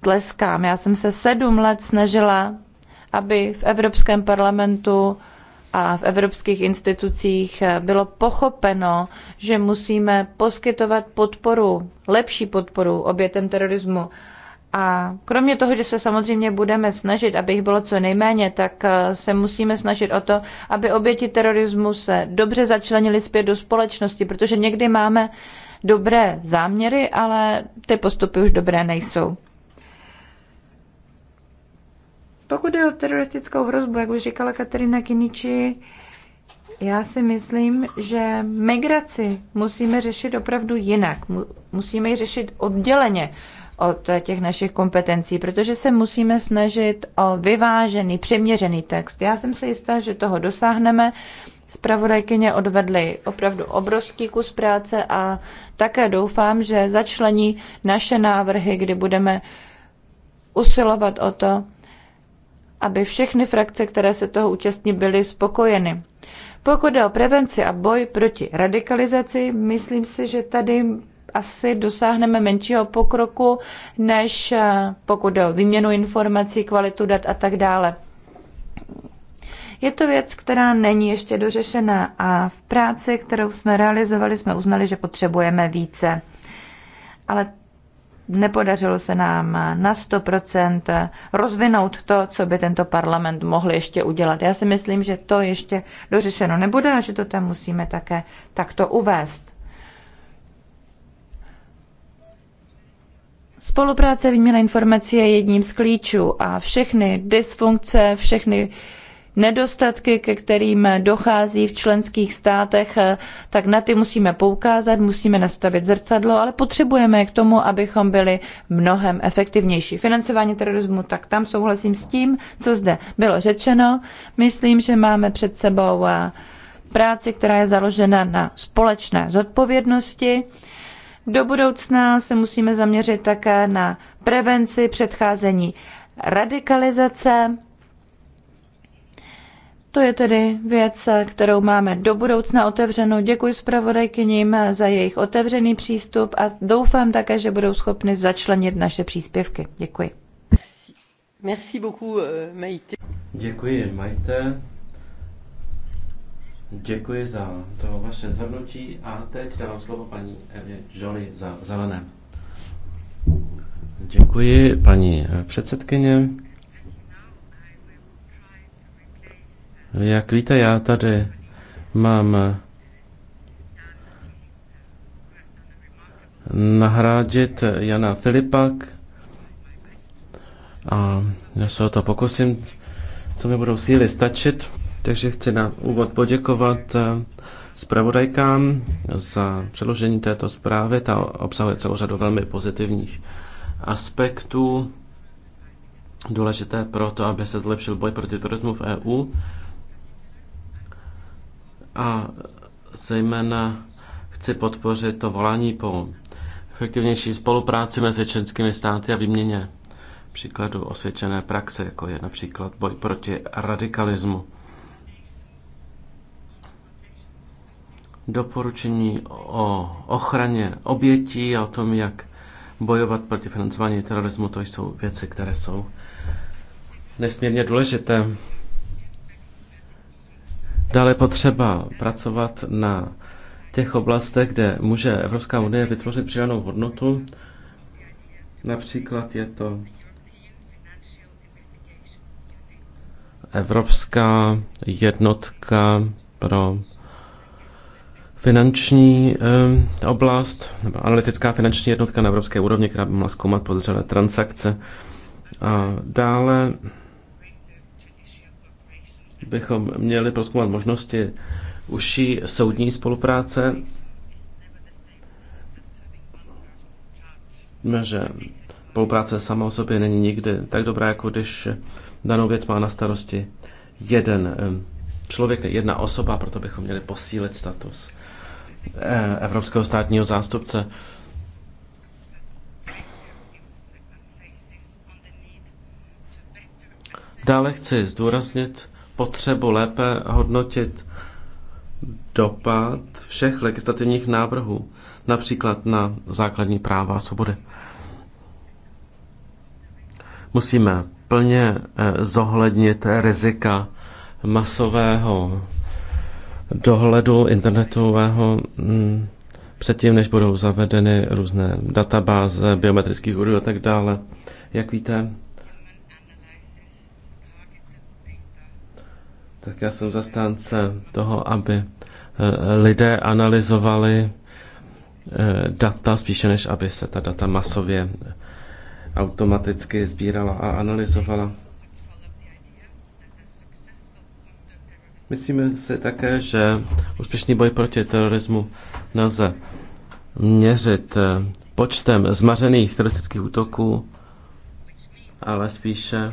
tleskám. Já jsem se sedm let snažila aby v Evropském parlamentu a v evropských institucích bylo pochopeno, že musíme poskytovat podporu, lepší podporu obětem terorismu. A kromě toho, že se samozřejmě budeme snažit, aby jich bylo co nejméně, tak eh, se musíme snažit o to, aby oběti terorismu se dobře začlenili zpět do společnosti, protože někdy máme dobré záměry, ale ty postupy už dobré nejsou. Pokud je o teroristickou hrozbu, jak už říkala Katerina Kiniči, já si myslím, že migraci musíme řešit opravdu jinak. Musíme ji řešit odděleně od těch našich kompetencí, protože se musíme snažit o vyvážený, přeměřený text. Já jsem si jistá, že toho dosáhneme. Spravodajkyně odvedly opravdu obrovský kus práce a také doufám, že začlení naše návrhy, kdy budeme usilovat o to, aby všechny frakce, které se toho účastní, byly spokojeny. Pokud jde o prevenci a boj proti radikalizaci, myslím si, že tady asi dosáhneme menšího pokroku, než eh, pokud jde o výměnu informací, kvalitu dat a tak dále. Je to věc, která není ještě dořešená a v práci, kterou jsme realizovali, jsme uznali, že potřebujeme více. Ale nepodařilo se nám na 100% rozvinout to, co by tento parlament mohl ještě udělat. Já si myslím, že to ještě dořešeno nebude a že to tam musíme také takto uvést. Spolupráce výměna informací je jedním z klíčů a všechny dysfunkce, všechny uh, nedostatky, ke kterým dochází v členských státech, eh, tak na ty musíme poukázat, musíme nastavit zrcadlo, ale potřebujeme je k tomu, abychom byli mnohem efektivnější. Financování terorismu, tak tam souhlasím s tím, co zde bylo řečeno. Myslím, že máme před sebou eh, práci, která je založena na společné zodpovědnosti. Do budoucna se musíme zaměřit také na prevenci, předcházení radikalizace, to je tedy věc, kterou máme do budoucna otevřenou. Děkuji zpravodajkyním za jejich otevřený přístup a doufám také, že budou schopni začlenit naše příspěvky. Děkuji.
Merci, beaucoup, euh, Maite.
Děkuji, Majte. Děkuji za to vaše zhrnutí a teď dávám slovo paní Evě Žoli za zelené. Děkuji, paní eh, předsedkyně. Jak víte, já tady mám nahrádit Jana Filipak a já se o to pokusím, co mi budou síly stačit. Takže chci na úvod poděkovat eh, zpravodajkám za přeložení této zprávy. Ta obsahuje celou řadu velmi pozitivních aspektů, důležité pro to, aby se zlepšil boj proti turismu v EU a zejména chci podpořit to volání po efektivnější spolupráci mezi členskými státy a výměně příkladu osvědčené praxe, jako je například boj proti radikalismu. Doporučení o ochraně obětí a o tom, jak bojovat proti financování terorismu, to jsou věci, které jsou nesmírně důležité. Dále potřeba pracovat na těch oblastech, kde může Evropská unie vytvořit přidanou hodnotu. Například je to Evropská jednotka pro finanční eh, oblast, nebo analytická finanční jednotka na evropské úrovni, která by mohla zkoumat podřelé transakce. A dále bychom měli proskoumat možnosti užší soudní spolupráce. Víme, že spolupráce sama o sobě není nikdy tak dobrá, jako když danou věc má na starosti jeden člověk, jedna osoba, proto bychom měli posílit status eh, evropského státního zástupce. Dále chci zdůraznit potřebu lépe hodnotit dopad všech legislativních návrhů, například na základní práva a svobody. Musíme plně eh, zohlednit rizika masového dohledu internetového hm, předtím, než budou zavedeny různé databáze, biometrických údajů a tak dále. Jak víte, tak já jsem zastánce toho, aby eh, lidé analyzovali eh, data spíše než aby se ta data masově automaticky sbírala a analyzovala. Myslíme si také, že úspěšný boj proti terorismu nelze měřit eh, počtem zmařených teroristických útoků, ale spíše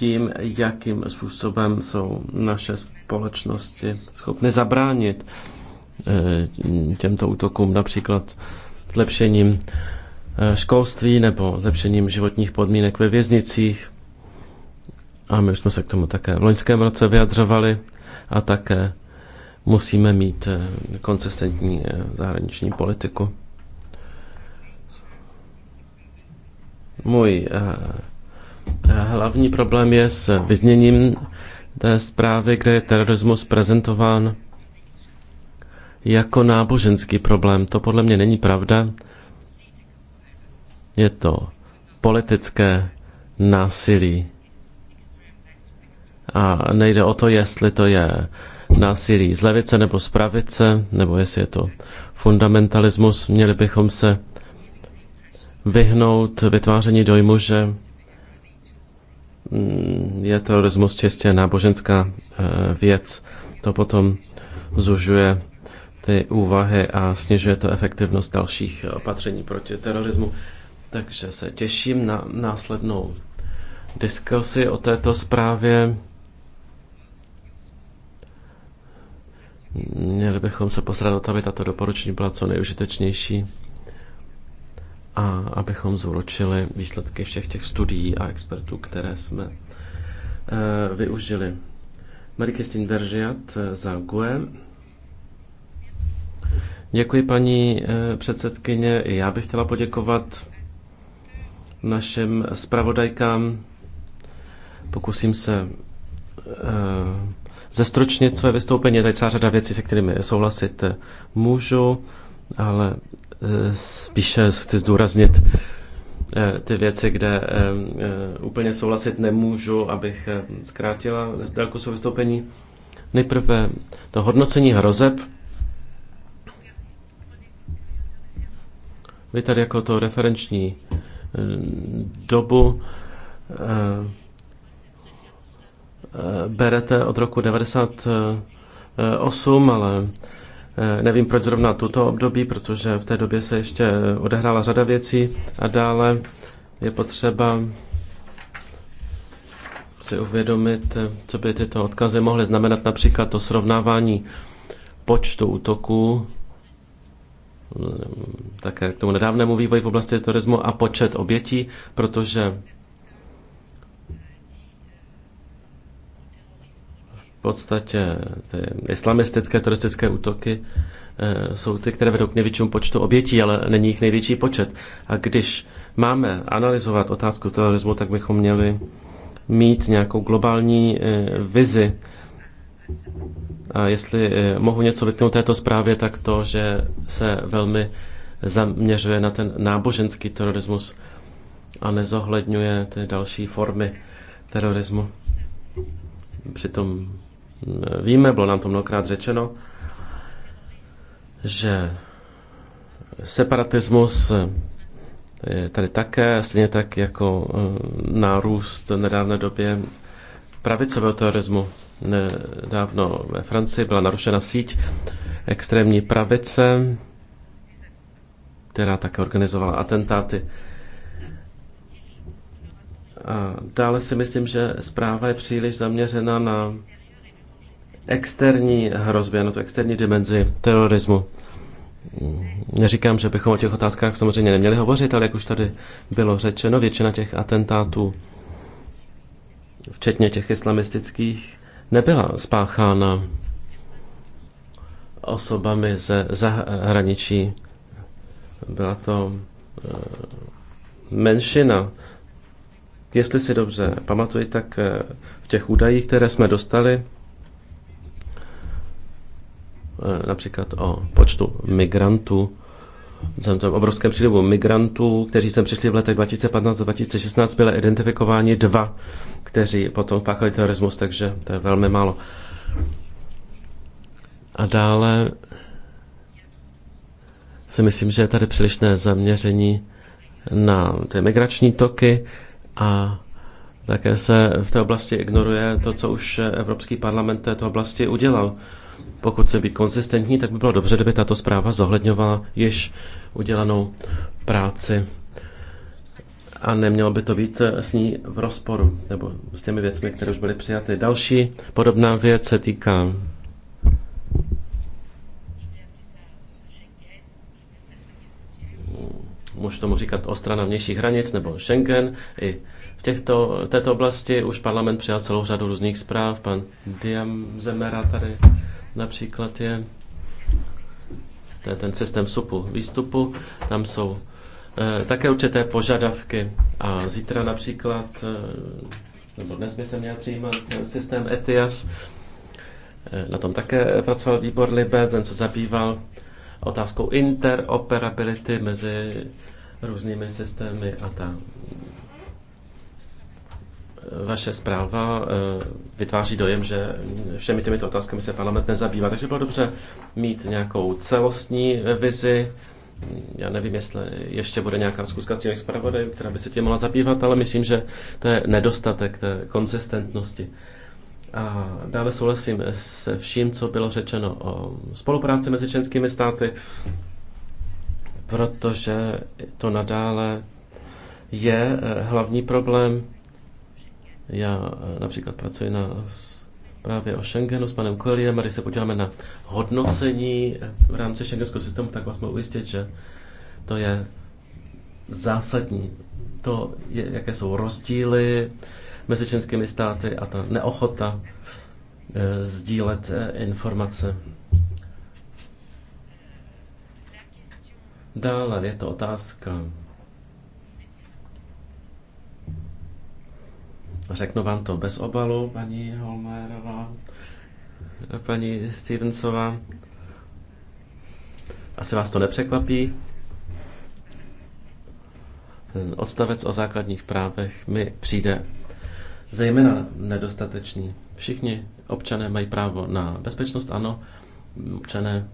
tím, jakým způsobem jsou naše společnosti schopny zabránit eh, těmto útokům, například zlepšením eh, školství nebo zlepšením životních podmínek ve věznicích. A my jsme se k tomu také v loňském roce vyjadřovali a také musíme mít eh, konsistentní zahraniční politiku. Můj Hlavní problém je s vyzněním té zprávy, kde je terorismus prezentován jako náboženský problém. To podle mě není pravda. Je to politické násilí. A nejde o to, jestli to je násilí z levice nebo z pravice, nebo jestli je to fundamentalismus. Měli bychom se vyhnout vytváření dojmu, že Mm, je terorismus čistě náboženská eh, věc. To potom zužuje ty úvahy a snižuje to efektivnost dalších eh, opatření proti terorismu. Takže se těším na následnou diskusi o této zprávě. Měli bychom se posradit, aby tato doporučení byla co nejužitečnější a abychom zúročili výsledky všech těch studií a expertů, které jsme eh, využili. Marie-Christine Veržiat eh, za GUE. Děkuji, paní eh, předsedkyně. Já bych chtěla poděkovat našim zpravodajkám. Pokusím se zestročnit své vystoupení. Je tady celá řada věcí, se kterými souhlasit můžu, ale Eh, spíše chci zdůraznit eh, ty věci, kde eh, úplně souhlasit nemůžu, abych zkrátila délku svého vystoupení. Nejprve to hodnocení hrozeb. Vy tady jako to referenční dobu berete od roku 98, ale Eh, nevím, proč zrovna tuto období, protože v té době se ještě eh, odehrála řada věcí a dále je potřeba si uvědomit, eh, co by tyto odkazy mohly znamenat například to srovnávání počtu útoků, také k tomu nedávnému vývoji v oblasti terorismu a počet obětí, protože podstatě ty islamistické teroristické útoky eh, jsou ty, které vedou k největšímu počtu obětí, ale není jich největší počet. A když máme analyzovat otázku terorismu, tak bychom měli mít nějakou globální eh, vizi. A jestli eh, mohu něco vytknout této zprávě, tak to, že se velmi zaměřuje na ten náboženský terorismus a nezohledňuje ty další formy terorismu. Přitom víme, bylo nám to mnohokrát řečeno, že separatismus eh, je tady také, stejně tak jako eh, nárůst v nedávné době pravicového terorismu. Nedávno ve Francii byla narušena síť extrémní pravice, která také organizovala atentáty. A dále si myslím, že zpráva je příliš zaměřena na externí hrozbě, na no tu externí dimenzi terorismu. Neříkám, že bychom o těch otázkách samozřejmě neměli hovořit, ale jak už tady bylo řečeno, většina těch atentátů, včetně těch islamistických, nebyla spáchána osobami ze zahraničí. Byla to eh, menšina. Jestli si dobře pamatuji, tak eh, v těch údajích, které jsme dostali, Eh, například o počtu migrantů, jsem tam obrovském přílivu migrantů, kteří sem přišli v letech 2015 a 2016, byly identifikováni dva, kteří potom páchali terorismus, takže to je velmi málo. A dále si myslím, že je tady přílišné zaměření na ty migrační toky a také se v té oblasti ignoruje to, co už Evropský parlament této oblasti udělal. Pokud chce být konzistentní, tak by bylo dobře, kdyby tato zpráva zohledňovala již udělanou práci a nemělo by to být s ní v rozporu, nebo s těmi věcmi, které už byly přijaty. Další podobná věc se týká můžu tomu říkat ostrana vnějších hranic nebo Schengen. I v těchto, této oblasti už parlament přijal celou řadu různých zpráv. Pan Diam Zemera tady například je, to je ten systém SUPu výstupu, tam jsou eh, také určité požadavky a zítra například, eh, nebo dnes by se měl přijímat eh, systém ETIAS, na tom také pracoval výbor Libe, ten se zabýval otázkou interoperability mezi různými systémy a ta vaše zpráva eh, vytváří dojem, že všemi těmito otázkami se parlament nezabývá, takže bylo dobře mít nějakou celostní vizi. Já nevím, jestli ještě bude nějaká zkuska z těch zpravodajů, která by se tím mohla zabývat, ale myslím, že to je nedostatek té konzistentnosti. A dále souhlasím se vším, co bylo řečeno o spolupráci mezi členskými státy, protože to nadále je eh, hlavní problém já eh, například pracuji na právě o Schengenu s panem Koeliem, když se podíváme na hodnocení eh, v rámci Schengenského systému, tak vás mohu ujistit, že to je zásadní. To, je, jaké jsou rozdíly mezi členskými státy a ta neochota e, sdílet e, informace. Dále je to otázka Řeknu vám to bez obalu, paní Holmérová, paní Stevensová. Asi vás to nepřekvapí. Ten odstavec o základních právech mi přijde zejména nedostatečný. Všichni občané mají právo na bezpečnost, ano, občané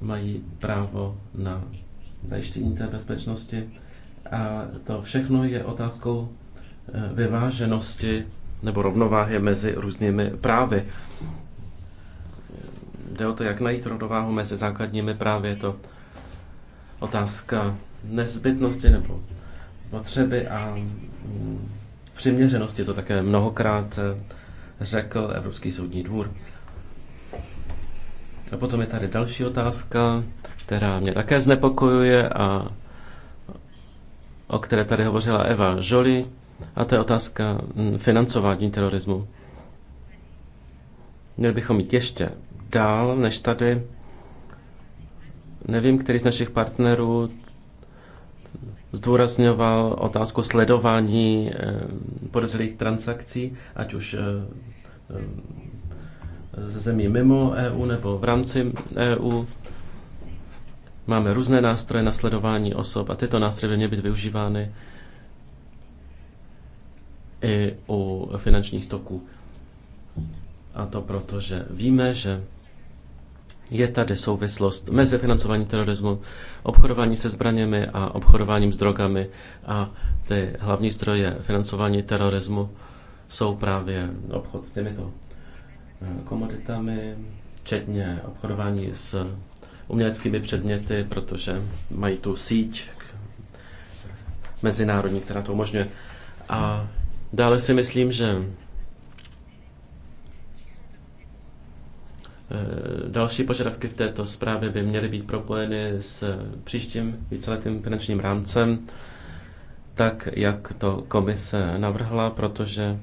mají právo na zajištění té bezpečnosti a to všechno je otázkou eh, vyváženosti nebo rovnováhy mezi různými právy. Jde o to, jak najít rovnováhu mezi základními právy. Je to otázka nezbytnosti nebo potřeby a mm, přiměřenosti. To také mnohokrát eh, řekl Evropský soudní dvůr. A potom je tady další otázka, která mě také znepokojuje a o které tady hovořila Eva Žoli, a to je otázka mm, financování terorismu. Měli bychom jít ještě dál než tady. Nevím, který z našich partnerů zdůrazňoval otázku sledování eh, podezřelých transakcí, ať už eh, eh, ze zemí mimo EU nebo v rámci EU. Máme různé nástroje na sledování osob a tyto nástroje by měly být využívány i u finančních toků. A to proto, že víme, že je tady souvislost mezi financováním terorismu, obchodování se zbraněmi a obchodováním s drogami. A ty hlavní zdroje financování terorismu jsou právě obchod s těmito eh, komoditami, včetně obchodování s uměleckými předměty, protože mají tu síť mezinárodní, která to umožňuje. A dále si myslím, že eh, Další požadavky v této zprávě by měly být propojeny s příštím víceletým finančním rámcem, tak jak to komise navrhla, protože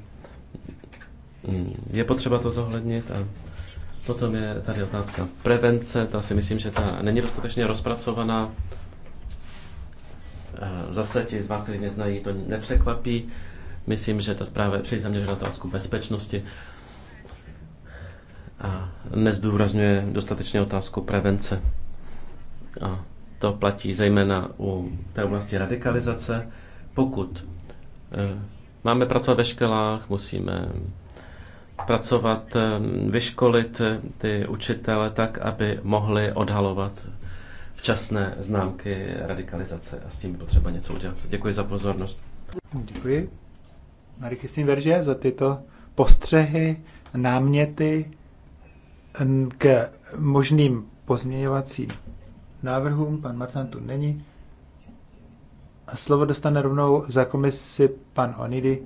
hm, je potřeba to zohlednit a Potom je tady otázka prevence, ta si myslím, že ta není dostatečně rozpracovaná. Eh, zase ti z vás, kteří mě znají, to nepřekvapí. Myslím, že ta zpráva je příliš zaměřená na otázku bezpečnosti a nezdůrazňuje dostatečně otázku prevence. A to platí zejména u té oblasti radikalizace. Pokud eh, máme pracovat ve školách, musíme pracovat, eh, vyškolit eh, ty učitele tak, aby mohli odhalovat včasné známky radikalizace a s tím potřeba něco udělat. Děkuji za pozornost.
Děkuji. Marie Kristýn Verže za tyto postřehy, náměty k možným pozměňovacím návrhům. Pan Martin tu není. A slovo dostane rovnou za komisi pan Onidy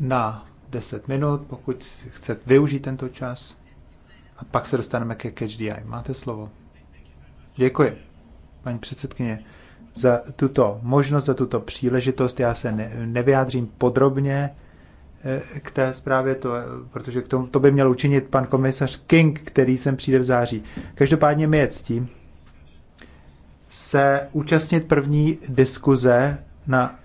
na 10 minut, pokud chcete využít tento čas. A pak se dostaneme ke Catch Máte slovo. Děkuji, paní předsedkyně, za tuto možnost, za tuto příležitost. Já se ne, nevyjádřím podrobně eh, k té zprávě, to, eh, protože k tomu, to by měl učinit pan komisař King, který sem přijde v září. Každopádně mi je ctí se účastnit první diskuze na,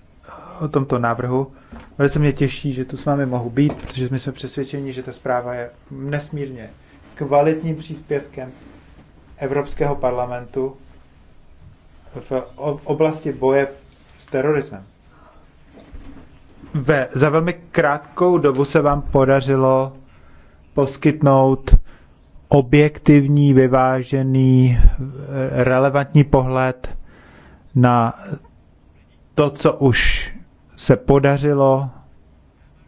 o tomto návrhu Velice mě těší, že tu s vámi mohu být, protože my jsme přesvědčeni, že ta zpráva je nesmírně kvalitním příspěvkem Evropského parlamentu v oblasti boje s terorismem. Ve, za velmi krátkou dobu se vám podařilo poskytnout objektivní, vyvážený, eh, relevantní pohled na to, co už se podařilo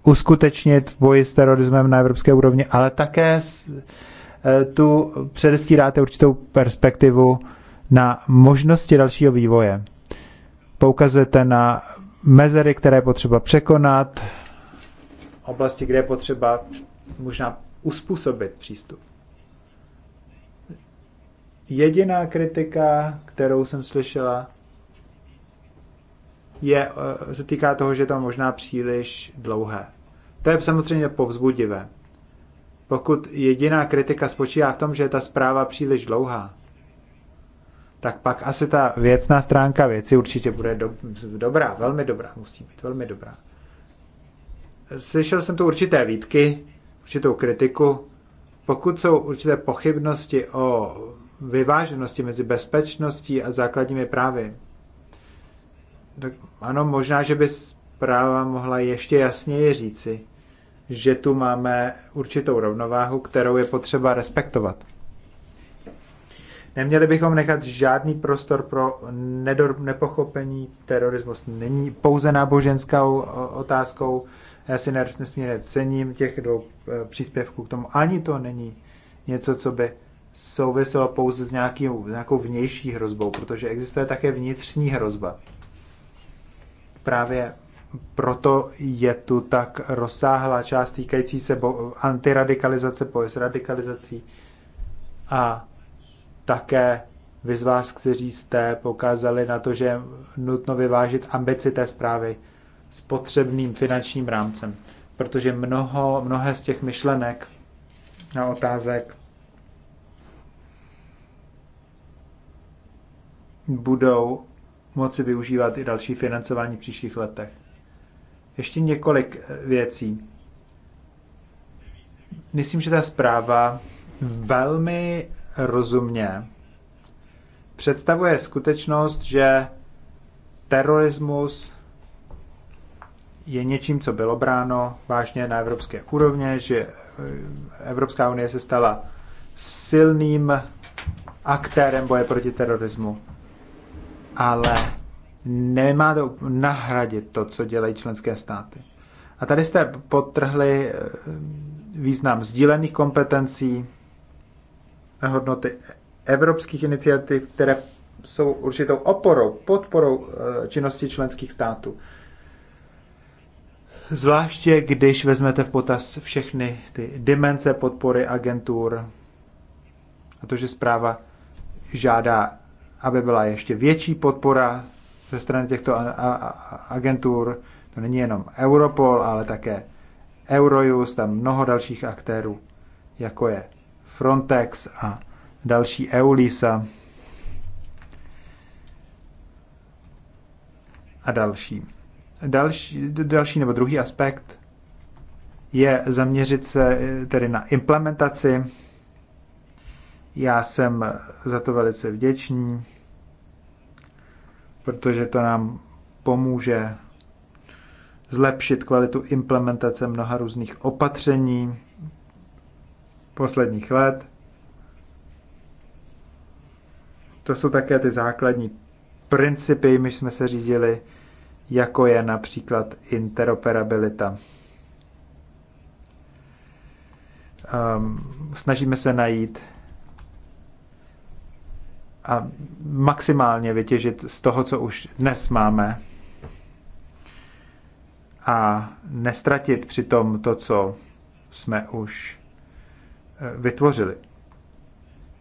uskutečnit boji s terorismem na evropské úrovni, ale také eh, tu předestíráte určitou perspektivu na možnosti dalšího vývoje. Poukazujete na mezery, které je potřeba překonat, oblasti, kde je potřeba možná uspůsobit přístup. Jediná kritika, kterou jsem slyšela, je, eh, se týká toho, že je to možná příliš dlouhé. To je samozřejmě povzbudivé. Pokud jediná kritika spočívá v tom, že je ta zpráva příliš dlouhá, tak pak asi ta věcná stránka věci určitě bude do, dobrá, velmi dobrá, musí být velmi dobrá. Slyšel jsem tu určité výtky, určitou kritiku. Pokud jsou určité pochybnosti o vyváženosti mezi bezpečností a základními právy, tak ano, možná, že by zpráva mohla ještě jasněji říci, že tu máme určitou rovnováhu, kterou je potřeba respektovat. Neměli bychom nechat žádný prostor pro nedor- nepochopení. Terorismus není pouze náboženskou otázkou. Já si nesmírně cením těch dvou e, příspěvků k tomu. Ani to není něco, co by souviselo pouze s nějakou vnější hrozbou, protože existuje také vnitřní hrozba právě proto je tu tak rozsáhlá část týkající se bo- antiradikalizace, boje s radikalizací a také vy z vás, kteří jste pokázali na to, že je nutno vyvážit ambici té zprávy s potřebným finančním rámcem, protože mnoho, mnohé z těch myšlenek a otázek budou moci využívat i další financování v příštích letech. Ještě několik eh, věcí. Myslím, že ta zpráva velmi rozumně představuje skutečnost, že terorismus je něčím, co bylo bráno vážně na evropské úrovně, že eh, Evropská unie se stala silným aktérem boje proti terorismu ale nemá to nahradit to, co dělají členské státy. A tady jste potrhli eh, význam sdílených kompetencí a hodnoty evropských iniciativ, které jsou určitou oporou, podporou eh, činnosti členských států. Zvláště když vezmete v potaz všechny ty dimenze podpory agentur a to, že zpráva žádá aby byla ještě větší podpora ze strany těchto agentur. To není jenom Europol, ale také Eurojust a mnoho dalších aktérů, jako je Frontex a další EULISA a další. Další, další nebo druhý aspekt je zaměřit se eh, tedy na implementaci. Já jsem za to velice vděčný protože to nám pomůže zlepšit kvalitu implementace mnoha různých opatření posledních let. To jsou také ty základní principy, my jsme se řídili, jako je například interoperabilita. Um, snažíme se najít a maximálně vytěžit z toho, co už dnes máme a nestratit přitom to, co jsme už eh, vytvořili.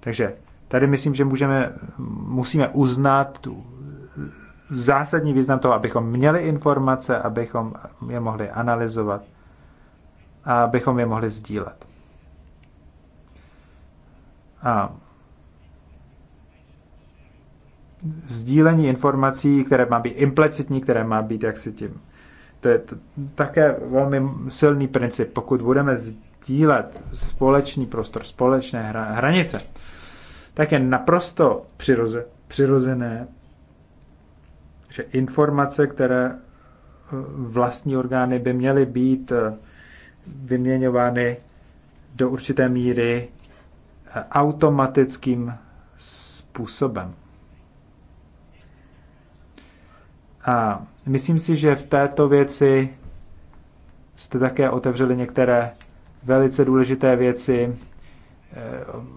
Takže tady myslím, že můžeme, musíme uznat tu zásadní význam toho, abychom měli informace, abychom je mohli analyzovat a abychom je mohli sdílet. A sdílení informací, které má být implicitní, které má být jaksi tím. To je také velmi silný princip. Pokud budeme sdílet společný prostor, společné hra- hranice, tak je naprosto přiroze- přirozené, že informace, které eh, vlastní orgány by měly být eh, vyměňovány do určité míry eh, automatickým způsobem. A myslím si, že v této věci jste také otevřeli některé velice důležité věci, e,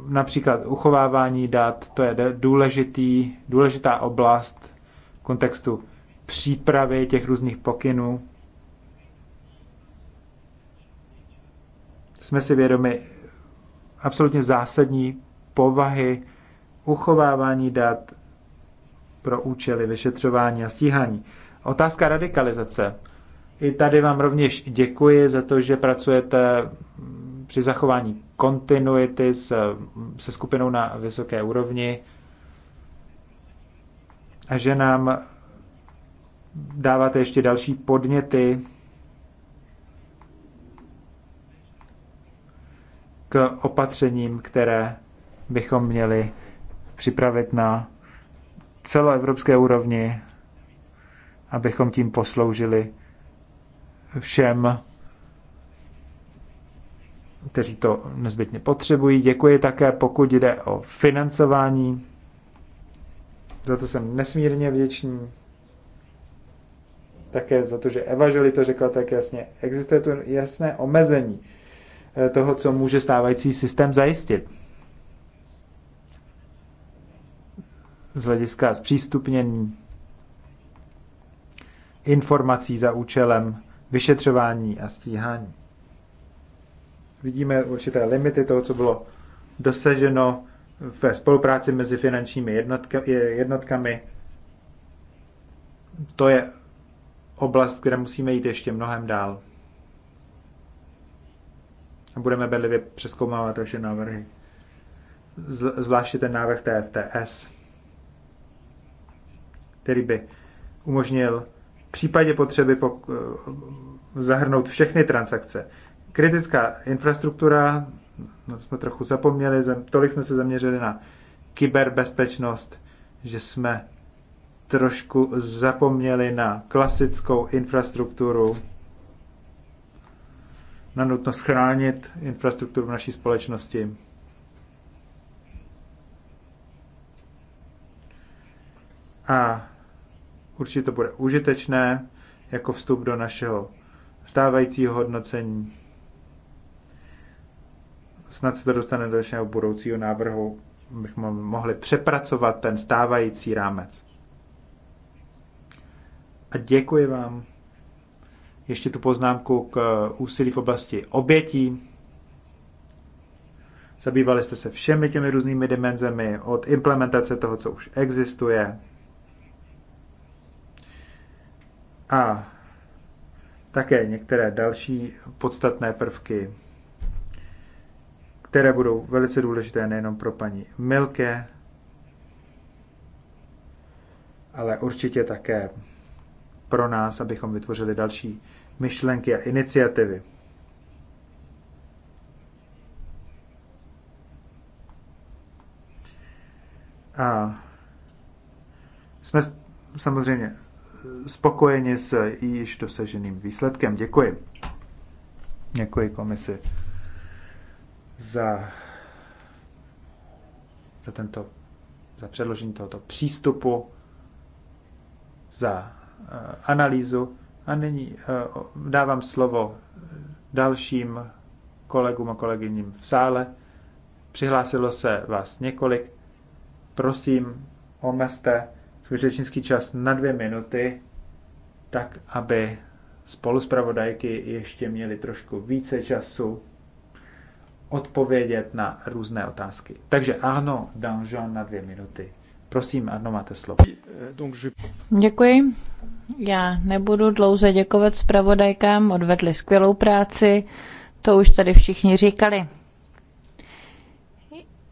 například uchovávání dat, to je důležitý, důležitá oblast v kontextu přípravy těch různých pokynů. Jsme si vědomi absolutně zásadní povahy uchovávání dat pro účely vyšetřování a stíhání. Otázka radikalizace. I tady vám rovněž děkuji za to, že pracujete při zachování kontinuity se, skupinou na vysoké úrovni a že nám dáváte ještě další podněty k opatřením, které bychom měli připravit na celoevropské úrovni, abychom tím posloužili všem, kteří to nezbytně potřebují. Děkuji také, pokud jde o financování. Za to jsem nesmírně vděčný. Také za to, že Eva Žoli to řekla tak jasně. Existuje tu jasné omezení eh, toho, co může stávající systém zajistit. z hlediska zpřístupnění informací za účelem vyšetřování a stíhání. Vidíme určité limity toho, co bylo dosaženo ve spolupráci mezi finančními jednotkami. To je oblast, kde musíme jít ještě mnohem dál. A budeme bedlivě přeskoumávat vaše návrhy. Zvláště ten návrh TFTS který by umožnil v případě potřeby eh, zahrnout všechny transakce. Kritická infrastruktura, no jsme trochu zapomněli, tolik jsme se zaměřili na kyberbezpečnost, že jsme trošku zapomněli na klasickou infrastrukturu, na nutnost chránit infrastrukturu v naší společnosti. A Určitě to bude užitečné jako vstup do našeho stávajícího hodnocení. Snad se to dostane do našeho budoucího návrhu, abychom mohli přepracovat ten stávající rámec. A děkuji vám. Ještě tu poznámku k úsilí v oblasti obětí. Zabývali jste se všemi těmi různými dimenzemi, od implementace toho, co už existuje, a také některé další podstatné prvky, které budou velice důležité nejenom pro paní Milke, ale určitě také pro nás, abychom vytvořili další myšlenky a iniciativy. A jsme samozřejmě spokojeni s již dosaženým výsledkem. Děkuji. Děkuji komisi za, za, tento, za předložení tohoto přístupu, za uh, analýzu. A nyní uh, dávám slovo dalším kolegům a kolegyním v sále. Přihlásilo se vás několik. Prosím, omezte svůj řečnický čas na dvě minuty, tak aby spolu zpravodajky ještě měli trošku více času odpovědět na různé otázky. Takže ano, Danžon na dvě minuty. Prosím, ano, máte slovo.
Děkuji. Já nebudu dlouze děkovat zpravodajkám, odvedli skvělou práci, to už tady všichni říkali.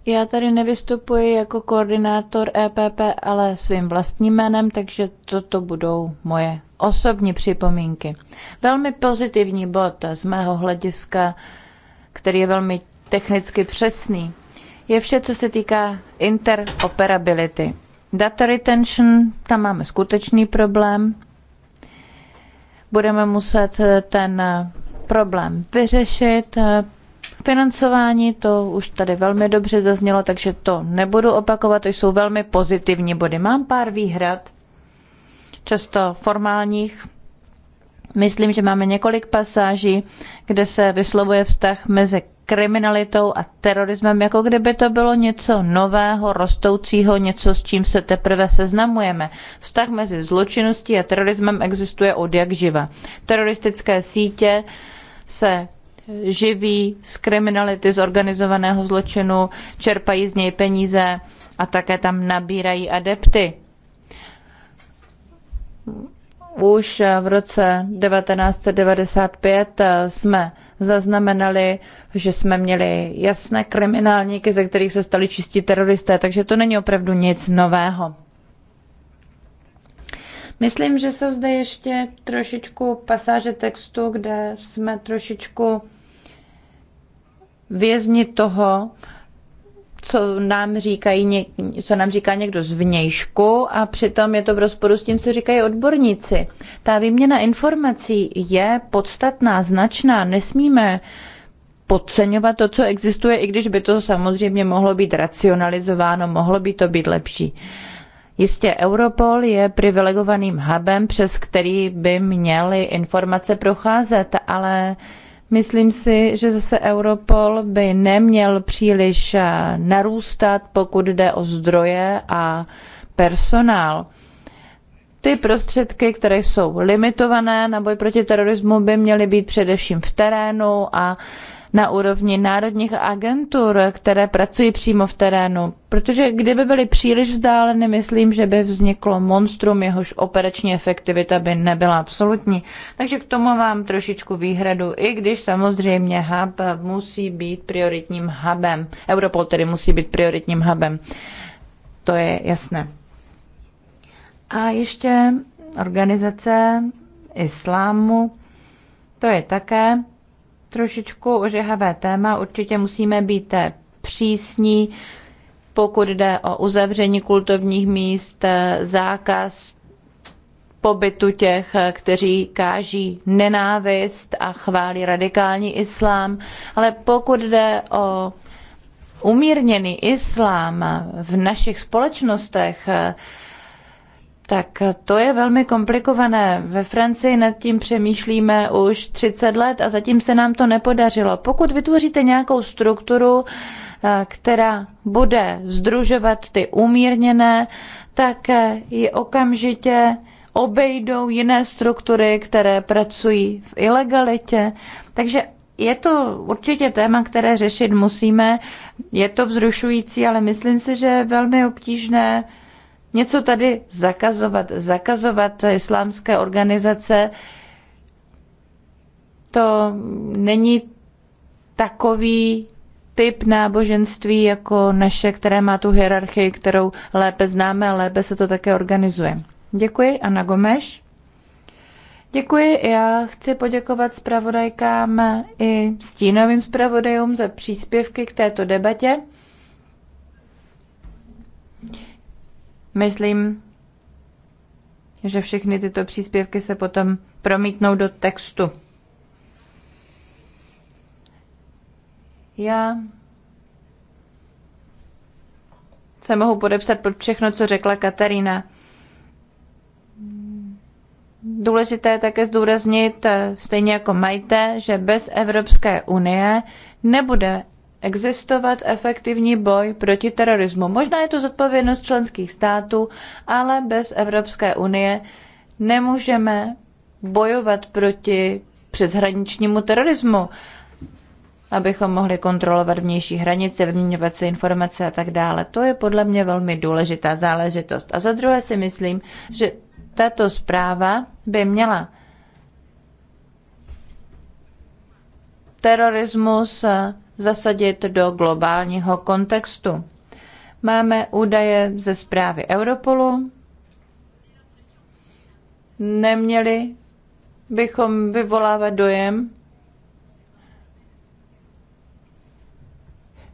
Já tady nevystupuji jako koordinátor EPP, ale svým vlastním jménem, takže toto budou moje osobní připomínky. Velmi pozitivní bod z mého hlediska, který je velmi technicky přesný, je vše, co se týká interoperability. Data retention, tam máme skutečný problém. Budeme muset ten problém vyřešit, Financování to už tady velmi dobře zaznělo, takže to nebudu opakovat, to jsou velmi pozitivní body. Mám pár výhrad, často formálních. Myslím, že máme několik pasáží, kde se vyslovuje vztah mezi kriminalitou a terorismem, jako kdyby to bylo něco nového, rostoucího, něco, s čím se teprve seznamujeme. Vztah mezi zločinností a terorismem existuje od jak živa. Teroristické sítě se živí z kriminality, z organizovaného zločinu, čerpají z něj peníze a také tam nabírají adepty. Už v roce 1995 jsme zaznamenali, že jsme měli jasné kriminálníky, ze kterých se stali čistí teroristé, takže to není opravdu nic nového. Myslím, že jsou zde ještě trošičku pasáže textu, kde jsme trošičku vězni toho, co nám, říkají co nám říká někdo z vnějšku a přitom je to v rozporu s tím, co říkají odborníci. Ta výměna informací je podstatná, značná, nesmíme podceňovat to, co existuje, i když by to samozřejmě mohlo být racionalizováno, mohlo by to být lepší. Jistě Europol je privilegovaným hubem, přes který by měly informace procházet, ale Myslím si, že zase Europol by neměl příliš eh, narůstat, pokud jde o zdroje a personál. Ty prostředky, které jsou limitované na boj proti terorismu, by měly být především v terénu a na úrovni národních agentur, které pracují přímo v terénu. Protože kdyby byly příliš vzdáleny, myslím, že by vzniklo monstrum, jehož operační efektivita by nebyla absolutní. Takže k tomu mám trošičku výhradu, i když samozřejmě hub musí být prioritním hubem. Europol tedy musí být prioritním hubem. To je jasné. A ještě organizace islámu, to je také trošičku ožehavé téma. Určitě musíme být přísní, pokud jde o uzavření kultovních míst, zákaz pobytu těch, kteří káží nenávist a chválí radikální islám, ale pokud jde o umírněný islám v našich společnostech, tak to je velmi komplikované. Ve Francii nad tím přemýšlíme už 30 let a zatím se nám to nepodařilo. Pokud vytvoříte nějakou strukturu, eh, která bude združovat ty umírněné, tak eh, ji okamžitě obejdou jiné struktury, které pracují v ilegalitě. Takže je to určitě téma, které řešit musíme. Je to vzrušující, ale myslím si, že je velmi obtížné něco tady zakazovat, zakazovat islámské organizace, to není takový typ náboženství jako naše, které má tu hierarchii, kterou lépe známe a lépe se to také organizuje. Děkuji, Anna Gomeš. Děkuji, já chci poděkovat zpravodajkám i stínovým zpravodajům za příspěvky k této debatě. Myslím, že všechny tyto příspěvky se potom promítnou do textu. Já se mohu podepsat pod všechno, co řekla Katarína. Důležité je také zdůraznit, stejně jako majte, že bez Evropské unie nebude existovat efektivní boj proti terorismu. Možná je to zodpovědnost členských států, ale bez Evropské unie nemůžeme bojovat proti přeshraničnímu terorismu, abychom mohli kontrolovat vnější hranice, vyměňovat si informace a tak dále. To je podle mě velmi důležitá záležitost. A za druhé si myslím, že tato zpráva by měla terorismus zasadit do globálního kontextu. Máme údaje ze zprávy Europolu. Neměli bychom vyvolávat dojem,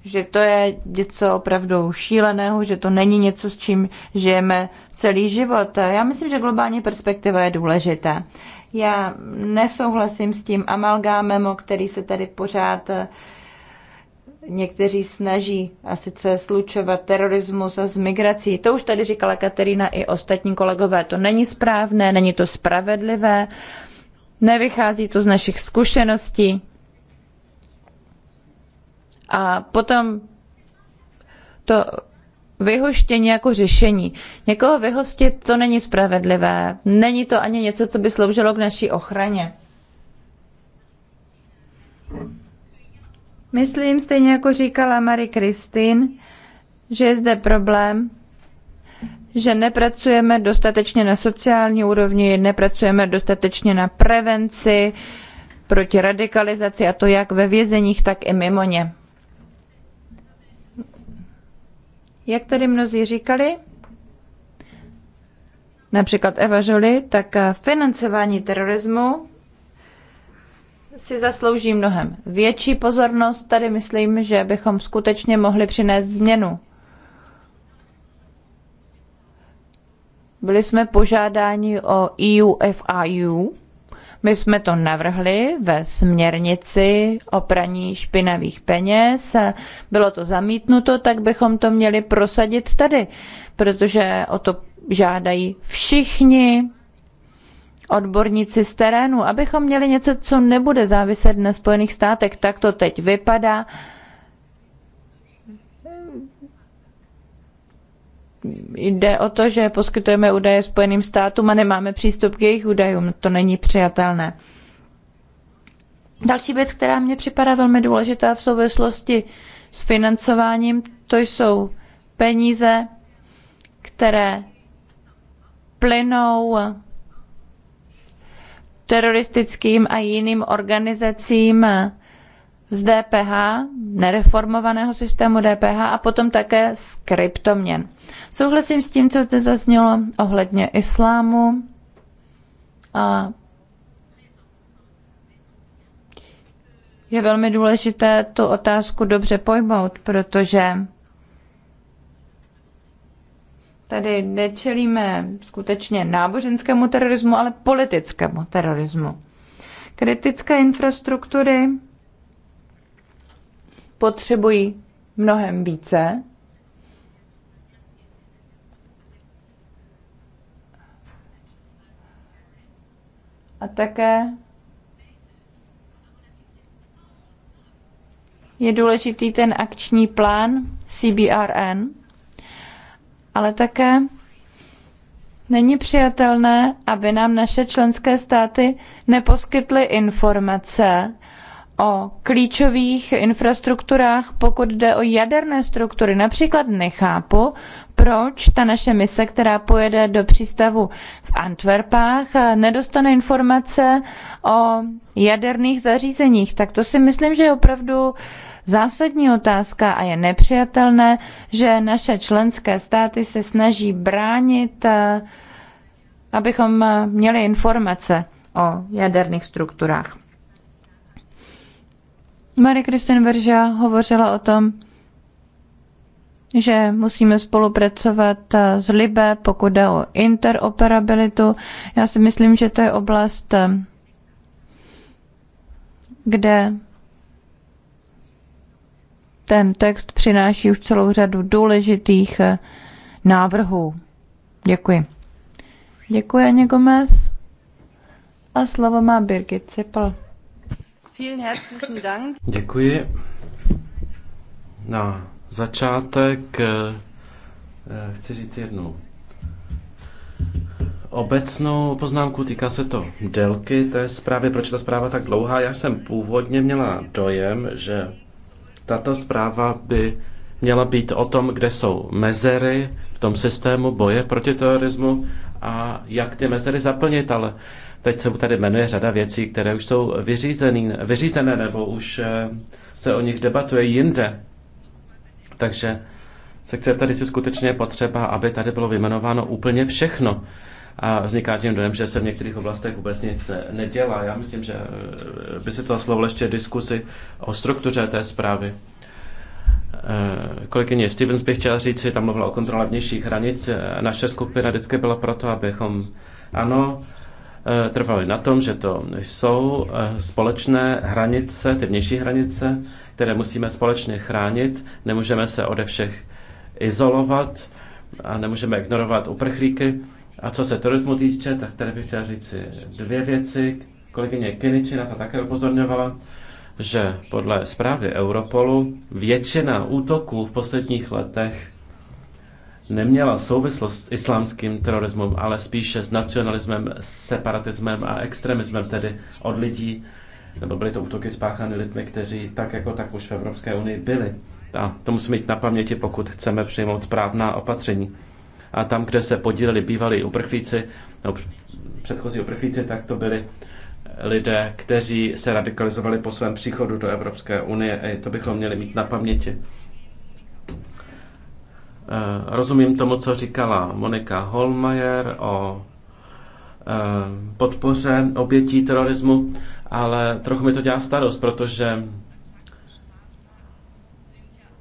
že to je něco opravdu šíleného, že to není něco, s čím žijeme celý život. Já myslím, že globální perspektiva je důležitá. Já nesouhlasím s tím amalgámem, o který se tady pořád někteří snaží a sice slučovat terorismus a s migrací. To už tady říkala Katerina i ostatní kolegové. To není správné, není to spravedlivé, nevychází to z našich zkušeností. A potom to vyhoštění jako řešení. Někoho vyhostit to není spravedlivé. Není to ani něco, co by sloužilo k naší ochraně. Hmm. Myslím, stejně jako říkala Marie Kristin, že je zde problém, že nepracujeme dostatečně na sociální úrovni, nepracujeme dostatečně na prevenci proti radikalizaci, a to jak ve vězeních, tak i mimo ně. Jak tady mnozí říkali, například Eva Žoli, tak financování terorismu si zaslouží mnohem větší pozornost. Tady myslím, že bychom skutečně mohli přinést změnu. Byli jsme požádáni o EUFIU. My jsme to navrhli ve směrnici o praní špinavých peněz. Bylo to zamítnuto, tak bychom to měli prosadit tady, protože o to žádají všichni odborníci z terénu, abychom měli něco, co nebude záviset na Spojených státech. Tak to teď vypadá. Jde o to, že poskytujeme údaje Spojeným státům a nemáme přístup k jejich údajům. To není přijatelné. Další věc, která mě připadá velmi důležitá v souvislosti s financováním, to jsou peníze, které plynou teroristickým a jiným organizacím z DPH, nereformovaného systému DPH a potom také z kryptoměn. Souhlasím s tím, co zde zaznělo ohledně islámu a je velmi důležité tu otázku dobře pojmout, protože Tady nečelíme skutečně náboženskému terorismu, ale politickému terorismu. Kritické infrastruktury potřebují mnohem více a také je důležitý ten akční plán CBRN, ale také není přijatelné, aby nám naše členské státy neposkytly informace o klíčových infrastrukturách, pokud jde o jaderné struktury. Například nechápu, proč ta naše mise, která pojede do přístavu v Antwerpách, nedostane informace o jaderných zařízeních. Tak to si myslím, že je opravdu uh, zásadní otázka a je nepřijatelné, že naše členské státy se snaží bránit, eh, abychom eh, měli informace o jaderných strukturách. Marie Kristin Verža hovořila o tom, že musíme spolupracovat eh, s Libe, pokud jde o interoperabilitu. Já si myslím, že to je oblast, kde ten text přináší už celou řadu důležitých eh, návrhů. Děkuji. Děkuji, Aně Gomez. A slovo má Birgit Cipl.
Děkuji. Na začátek eh, eh, chci říct jednu obecnou poznámku, týká se to délky té zprávy, proč ta zpráva tak dlouhá. Já jsem původně měla dojem, že tato zpráva by měla být o tom, kde jsou mezery v tom systému boje proti terorismu a jak ty mezery zaplnit, ale teď se tady jmenuje řada věcí, které už jsou vyřízený, vyřízené nebo už eh, se o nich debatuje jinde. Takže se chce tady si skutečně potřeba, aby tady bylo vyjmenováno úplně všechno, a vzniká tím dojem, že se v některých oblastech vůbec nic nedělá. Já myslím, že eh, by si to slovo ještě diskusi o struktuře té zprávy. Eh, kolegyně Stevens bych chtěla říct, tam mluvila o kontrole vnějších hranic. Eh, naše skupina vždycky byla proto, abychom ano, trvali na tom, že to jsou společné hranice, ty vnější hranice, které musíme společně chránit. Nemůžeme se ode všech izolovat a nemůžeme ignorovat uprchlíky. A co se turismu týče, tak tady bych chtěl říct dvě věci. Kolegyně Kiniči na to také upozorňovala, že podle zprávy Europolu většina útoků v posledních letech neměla souvislost s islámským terorismem, ale spíše s nacionalismem, separatismem a extremismem, tedy od lidí, nebo byly to útoky spáchány lidmi, kteří tak jako tak už v Evropské unii byli. A to musíme mít na paměti, pokud chceme přijmout správná opatření a tam, kde se podíleli bývalí uprchlíci, no, předchozí uprchlíci, tak to byli lidé, kteří se radikalizovali po svém příchodu do Evropské unie. A to bychom měli mít na paměti. Eh, rozumím tomu, co říkala Monika Holmajer o eh, podpoře obětí terorismu, ale trochu mi to dělá starost, protože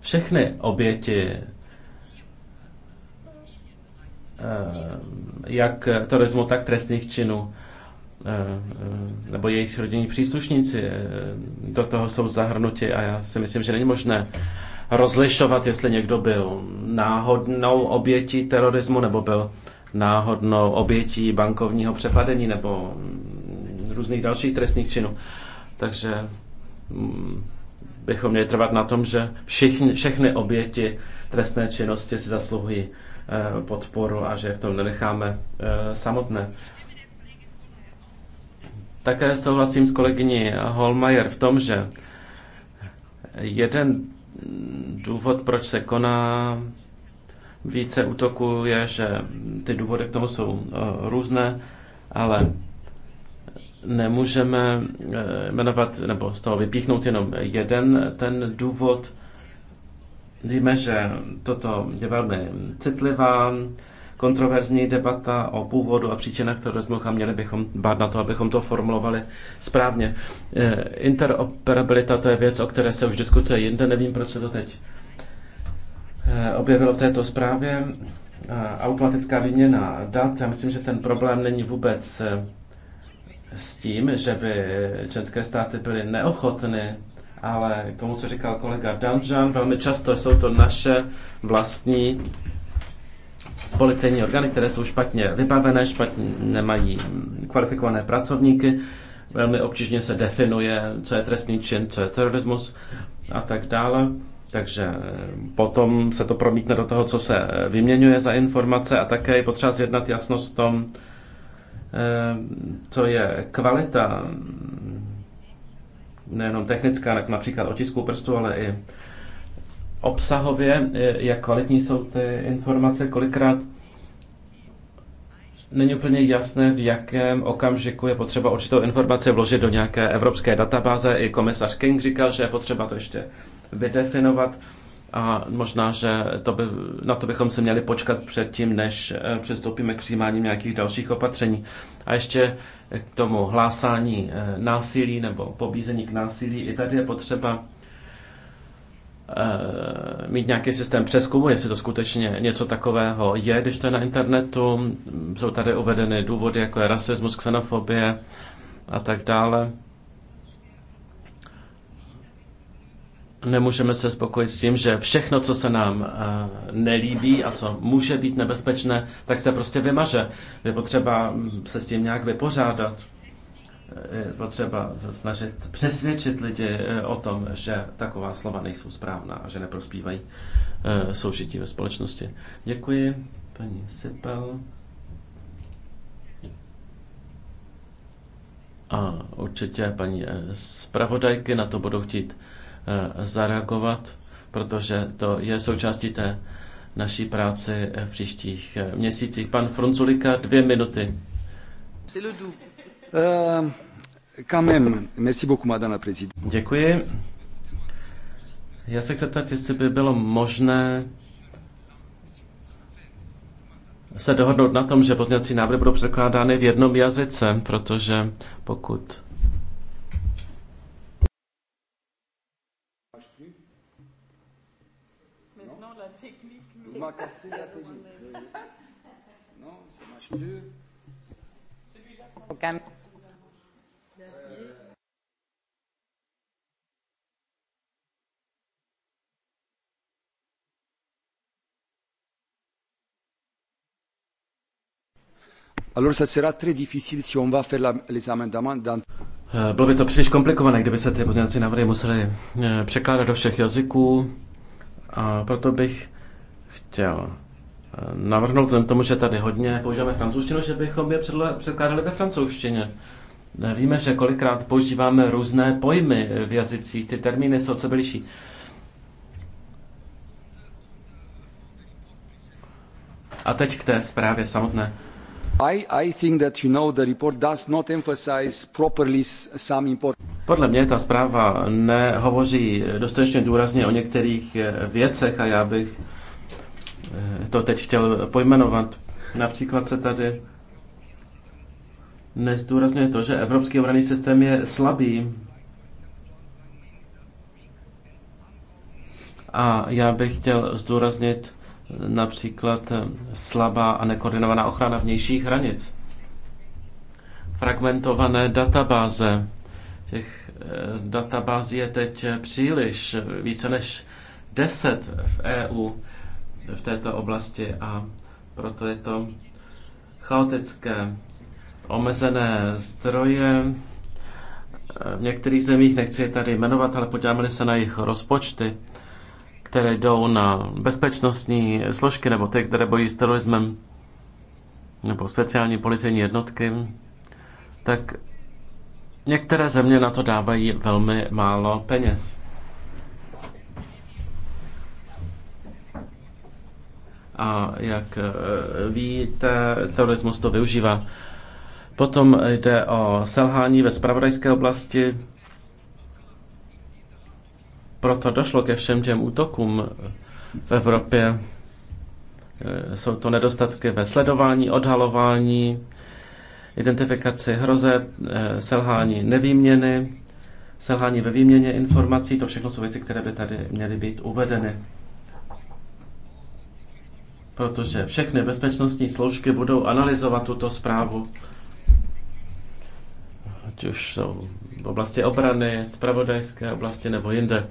všechny oběti Eh, jak terorismu, tak trestných činů eh, nebo jejich rodinní příslušníci eh, do toho jsou zahrnuti a já si myslím, že není možné rozlišovat, jestli někdo byl náhodnou obětí terorismu nebo byl náhodnou obětí bankovního přepadení nebo různých dalších trestných činů. Takže mm, bychom měli trvat na tom, že všichni, všechny oběti trestné činnosti si zasluhují Eh, podporu a že v tom nenecháme eh, samotné. Také souhlasím s kolegyní Holmajer v tom, že jeden důvod, proč se koná více útoků, je, že ty důvody k tomu jsou eh, různé, ale nemůžeme jmenovat nebo z toho vypíchnout jenom jeden ten důvod. Víme, že toto je velmi citlivá, kontroverzní debata o původu a příčinách terorismu a měli bychom bát na to, abychom to formulovali správně. Eh, interoperabilita to je věc, o které se už diskutuje jinde, nevím, proč se to teď eh, objevilo v této zprávě. Eh, automatická výměna dat, já myslím, že ten problém není vůbec s tím, že by členské státy byly neochotny ale k tomu, co říkal kolega Danžan, velmi často jsou to naše vlastní policejní orgány, které jsou špatně vybavené, špatně nemají kvalifikované pracovníky, velmi obtížně se definuje, co je trestný čin, co je terorismus a tak dále. Takže eh, potom se to promítne do toho, co se eh, vyměňuje za informace a také je potřeba zjednat jasnost v tom, eh, co je kvalita nejenom technická, například otisku prstu, ale i obsahově, jak kvalitní jsou ty informace, kolikrát není úplně jasné, v jakém okamžiku je potřeba určitou informaci vložit do nějaké evropské databáze. I komisař King říkal, že je potřeba to ještě vydefinovat a možná, že to by, na to bychom se měli počkat předtím, než eh, přistoupíme k přijímání nějakých dalších opatření. A ještě k tomu hlásání eh, násilí nebo pobízení k násilí, i tady je potřeba eh, mít nějaký systém přeskumu, jestli to skutečně něco takového je, když to je na internetu. Jsou tady uvedeny důvody, jako je rasismus, xenofobie a tak dále. Nemůžeme se spokojit s tím, že všechno, co se nám eh, nelíbí a co může být nebezpečné, tak se prostě vymaže. Je potřeba mm, se s tím nějak vypořádat. Je potřeba snažit přesvědčit lidi eh, o tom, že taková slova nejsou správná a že neprospívají eh, soužití ve společnosti. Děkuji, paní Sipel. A určitě paní zpravodajky na to budou chtít Eh, zareagovat, protože to je součástí té naší práce eh, v příštích eh, měsících. Pan Frunzulika, dvě minuty. Děkuji. Já se chci ptát, jestli by bylo možné se dohodnout na tom, že pozměňovací návrhy budou překládány v jednom jazyce, protože pokud
m'a cassé la télé.
Non, ça marche plus. Celui-là, ça...
Alors ça sera très difficile
si on va faire la, les amendements dans...
Eh, bylo by to příliš komplikované, kdyby se ty pozměňovací návrhy musely eh, překládat do všech jazyků, a proto bych chtěl eh, navrhnout, vzhledem tomu, že tady hodně používáme francouzštinu, že bychom je předkládali ve francouzštině. Eh, víme, že kolikrát používáme různé pojmy v jazycích, ty termíny jsou co sebe A teď k té zprávě samotné. Podle mě ta zpráva nehovoří dostatečně důrazně o některých eh, věcech a já bych Eh, to teď chtěl pojmenovat. Například se tady nezdůrazňuje to, že evropský obranný systém je slabý. A já bych chtěl zdůraznit například slabá a nekoordinovaná ochrana vnějších hranic, fragmentované databáze. Těch eh, databází je teď příliš, více než 10 v EU v této oblasti a proto je to chaotické. Omezené zdroje eh, v některých zemích, nechci je tady jmenovat, ale podíváme se na jejich rozpočty, které jdou na bezpečnostní složky nebo ty, které bojí s terorismem nebo speciální policejní jednotky, tak některé země na to dávají velmi málo peněz. a jak eh, víte, terorismus to využívá. Potom jde o selhání ve spravodajské oblasti. Proto došlo ke všem těm útokům v Evropě. Eh, jsou to nedostatky ve sledování, odhalování, identifikaci hroze, eh, selhání nevýměny, selhání ve výměně informací. To všechno jsou věci, které by tady měly být uvedeny protože všechny bezpečnostní složky budou analyzovat tuto zprávu. Ať už jsou v oblasti obrany, spravodajské oblasti nebo jinde.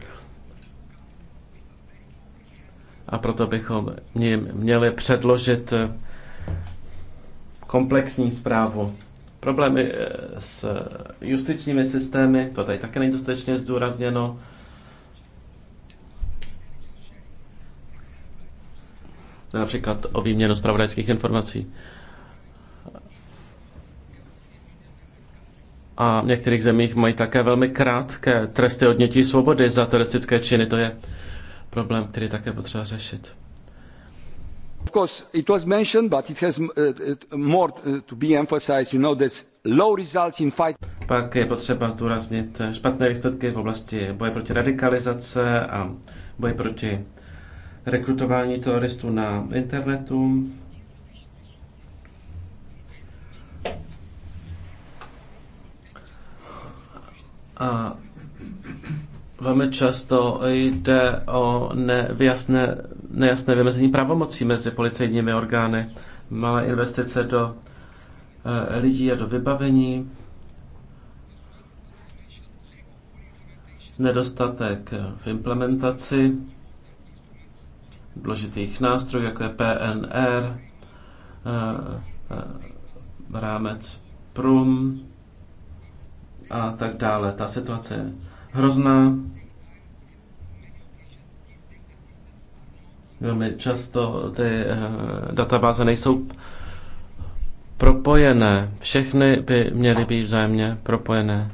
A proto bychom měli předložit eh, komplexní zprávu. Problémy eh, s justičními systémy, to tady také není dostatečně zdůrazněno. například o výměnu zpravodajských informací. A v některých zemích mají také velmi krátké tresty odnětí svobody za teroristické činy. To je problém, který také potřeba řešit.
Of course, it was mentioned, but it has uh, more to be emphasized. You know,
low results in fight. Pak je potřeba zdůraznit špatné výsledky v oblasti boje proti radikalizace a boje proti rekrutování teroristů na internetu, a velmi často jde o nevyjasné, nejasné vymezení pravomocí mezi policejními orgány, malé investice do eh, lidí a do vybavení, nedostatek v implementaci důležitých nástrojů, jako je PNR, eh, eh, rámec PRUM a tak dále. Ta situace je hrozná. Velmi často ty eh, databáze nejsou propojené. Všechny by měly být vzájemně propojené.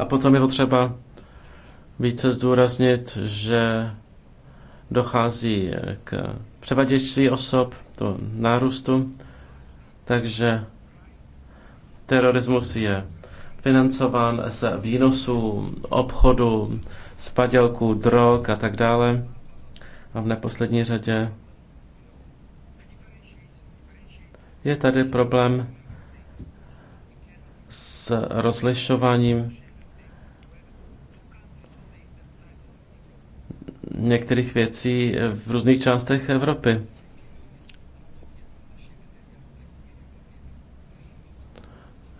A potom je potřeba více zdůraznit, že dochází k převaděčství osob, to nárůstu, takže terorismus je financován z výnosů obchodu, z padělků, drog a tak dále. A v neposlední řadě je tady problém s rozlišováním některých věcí v různých částech Evropy.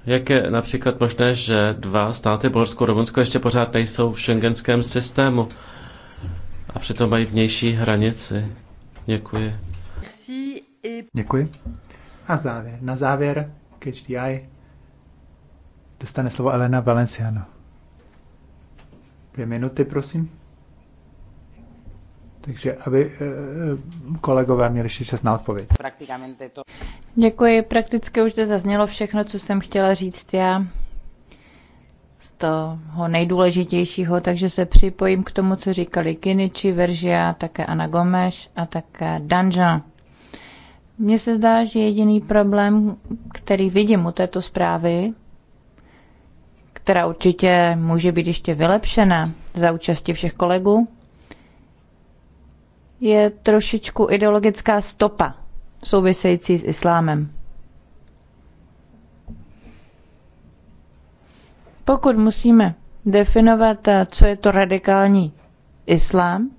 Jak je například možné, že dva státy, Bulharsko a Rumunsko, ještě pořád nejsou v šengenském systému a přitom mají vnější hranici? Děkuji.
Děkuji. A závěr. Na závěr KHDI dostane slovo Elena Valenciano. Dvě minuty, prosím. Takže aby eh, kolegové měli ještě čas na odpověď.
Děkuji, prakticky už zde zaznělo všechno, co jsem chtěla říct já z toho nejdůležitějšího, takže se připojím k tomu, co říkali Kiniči, Veržia, také Ana Gomes a také Danža. Mně se zdá, že jediný problém, který vidím u této zprávy, která určitě může být ještě vylepšena za účasti všech kolegů, je trošičku ideologická stopa související s islámem. Pokud musíme definovat, eh, co je to radikální islám,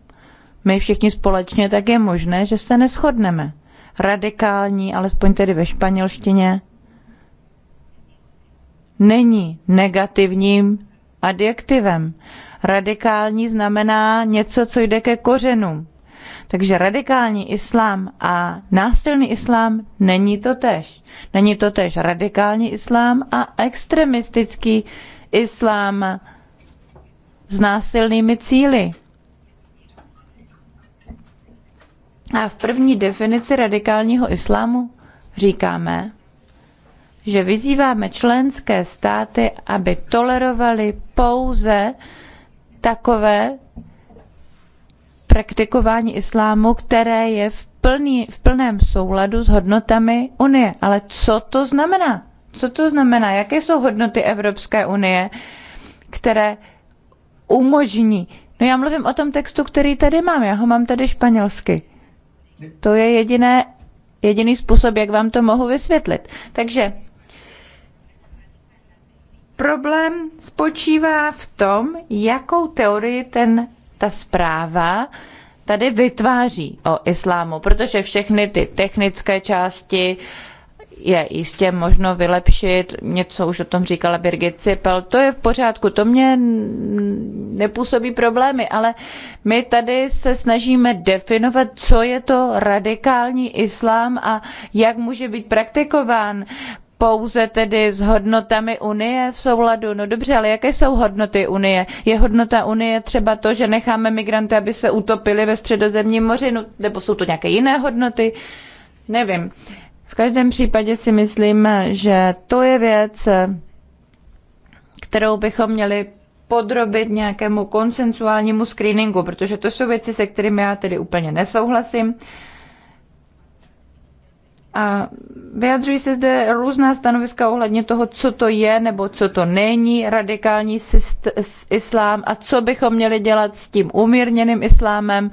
my všichni společně, tak je možné, že se neschodneme. Radikální, alespoň tedy ve španělštině, není negativním adjektivem. Radikální znamená něco, co jde ke kořenům. Takže radikální islám a násilný islám není to tež. Není to tež radikální islám a extremistický islám s násilnými cíly. A v první definici radikálního islámu říkáme, že vyzýváme členské státy, aby tolerovali pouze takové praktikování islámu, které je v, plný, v plném souladu s hodnotami Unie. Ale co to znamená? Co to znamená? Jaké jsou hodnoty Evropské unie, které umožní? No já mluvím o tom textu, který tady mám. Já ho mám tady španělsky. To je jediné, jediný způsob, jak vám to mohu vysvětlit. Takže problém spočívá v tom, jakou teorii ten ta zpráva tady vytváří o islámu, protože všechny ty technické části je jistě možno vylepšit. Něco už o tom říkala Birgit Cipel. To je v pořádku, to mě nepůsobí problémy, ale my tady se snažíme definovat, co je to radikální islám a jak může být praktikován pouze tedy s hodnotami Unie v souladu? No dobře, ale jaké jsou hodnoty Unie? Je hodnota Unie třeba to, že necháme migranty, aby se utopili ve středozemním moři, no, nebo jsou to nějaké jiné hodnoty? Nevím. V každém případě si myslím, že to je věc, kterou bychom měli podrobit nějakému konsensuálnímu screeningu, protože to jsou věci, se kterými já tedy úplně nesouhlasím. A vyjadřují se zde různá stanoviska ohledně toho, co to je nebo co to není radikální islám a co bychom měli dělat s tím umírněným islámem.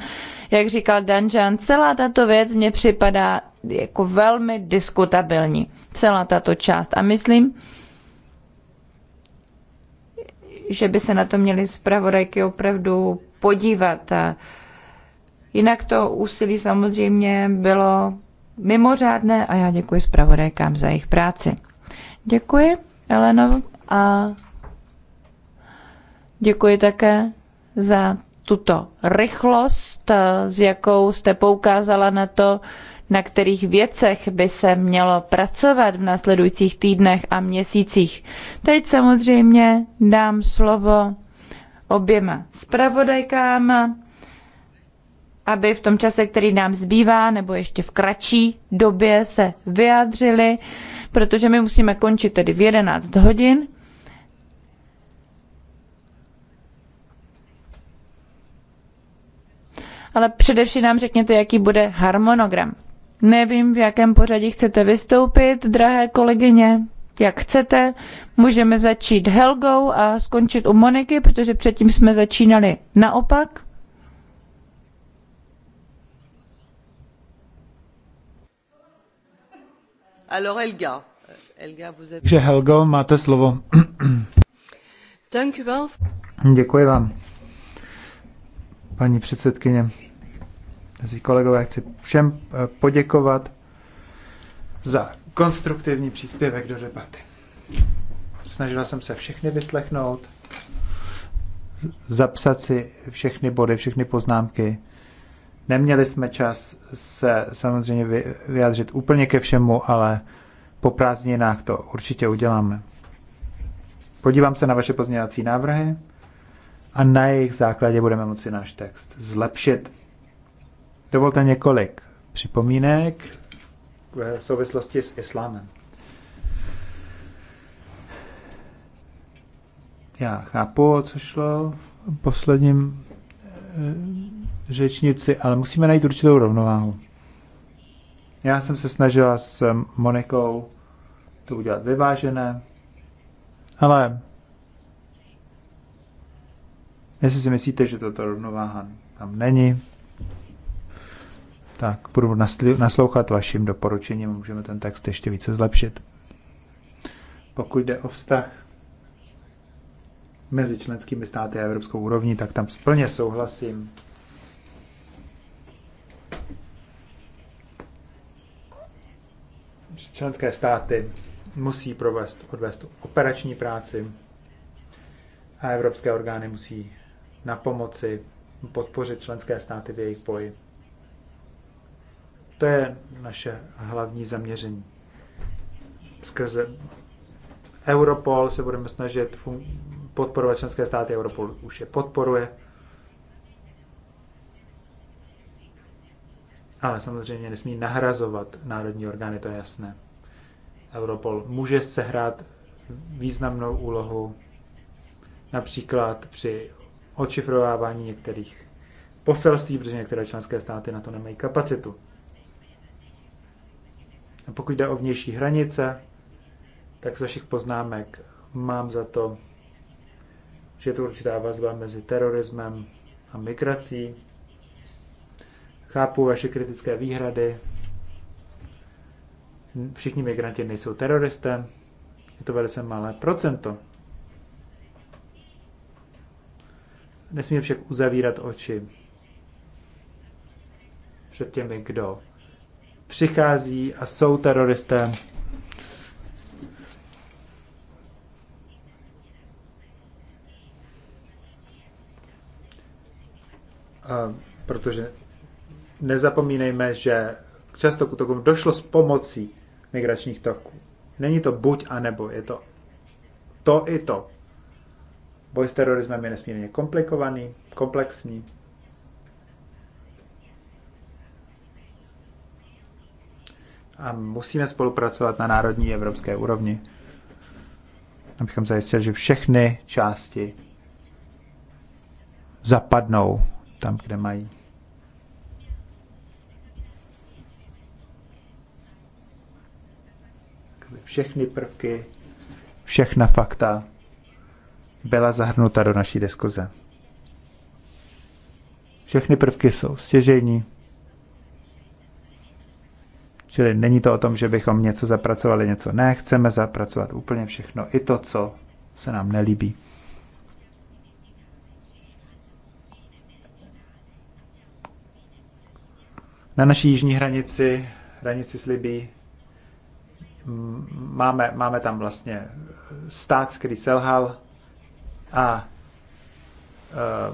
Jak říkal Danjan, celá tato věc mně připadá jako velmi diskutabilní. Celá tato část. A myslím, že by se na to měli zpravodajky opravdu podívat. Jinak to úsilí samozřejmě bylo mimořádné a já děkuji zpravodajkám za jejich práci. Děkuji, Eleno, a děkuji také za tuto rychlost, s jakou jste poukázala na to, na kterých věcech by se mělo pracovat v následujících týdnech a měsících. Teď samozřejmě dám slovo oběma zpravodajkám aby v tom čase, který nám zbývá, nebo ještě v kratší době se vyjádřili, protože my musíme končit tedy v 11 hodin. Ale především nám řekněte, jaký bude harmonogram. Nevím, v jakém pořadí chcete vystoupit, drahé kolegyně. Jak chcete, můžeme začít Helgou a skončit u Moniky, protože předtím jsme začínali naopak.
Helga. máte slovo. [clears throat] Děkuji vám. Paní předsedkyně, mezi kolegové, chci všem eh, poděkovat za konstruktivní příspěvek do debaty. Snažila jsem se všechny vyslechnout, zapsat si všechny body, všechny poznámky Neměli jsme čas se samozřejmě vyjádřit úplně ke všemu, ale po prázdninách to určitě uděláme. Podívám se na vaše pozměňovací návrhy a na jejich základě budeme moci náš text zlepšit. Dovolte několik připomínek v souvislosti s islámem. Já chápu, co šlo v posledním eh, řečnici, ale musíme najít určitou rovnováhu. Já jsem se snažila s Monikou to udělat vyvážené, ale jestli si myslíte, že toto rovnováha tam není, tak budu naslouchat vašim doporučením, a můžeme ten text ještě více zlepšit. Pokud jde o vztah mezi členskými státy a evropskou úrovní, tak tam plně souhlasím. členské státy musí provést, odvést operační práci a evropské orgány musí na pomoci podpořit členské státy v jejich boji. To je naše hlavní zaměření. Skrze Europol se budeme snažit podporovat členské státy, Europol už je podporuje, ale samozřejmě nesmí nahrazovat národní orgány, to je jasné. Europol může sehrát významnou úlohu například při očifrovávání některých poselství, protože některé členské státy na to nemají kapacitu. A pokud jde o vnější hranice, tak z vašich poznámek mám za to, že je to určitá vazba mezi terorismem a migrací. Chápu vaše kritické výhrady. Všichni migranti nejsou teroristé. Je to velice malé procento. Nesmíme však uzavírat oči před těmi, kdo přichází a jsou teroristé. A protože nezapomínejme, že často k útokům došlo s pomocí migračních toků. Není to buď a nebo, je to to i to. Boj s terorismem je nesmírně komplikovaný, komplexní. A musíme spolupracovat na národní evropské úrovni, abychom zajistili, že všechny části zapadnou tam, kde mají. všechny prvky, všechna fakta byla zahrnuta do naší diskuze. Všechny prvky jsou stěžejní, čili není to o tom, že bychom něco zapracovali, něco ne, chceme zapracovat úplně všechno, i to, co se nám nelíbí. Na naší jižní hranici, hranici s Libí, máme, máme tam vlastně stát, který selhal a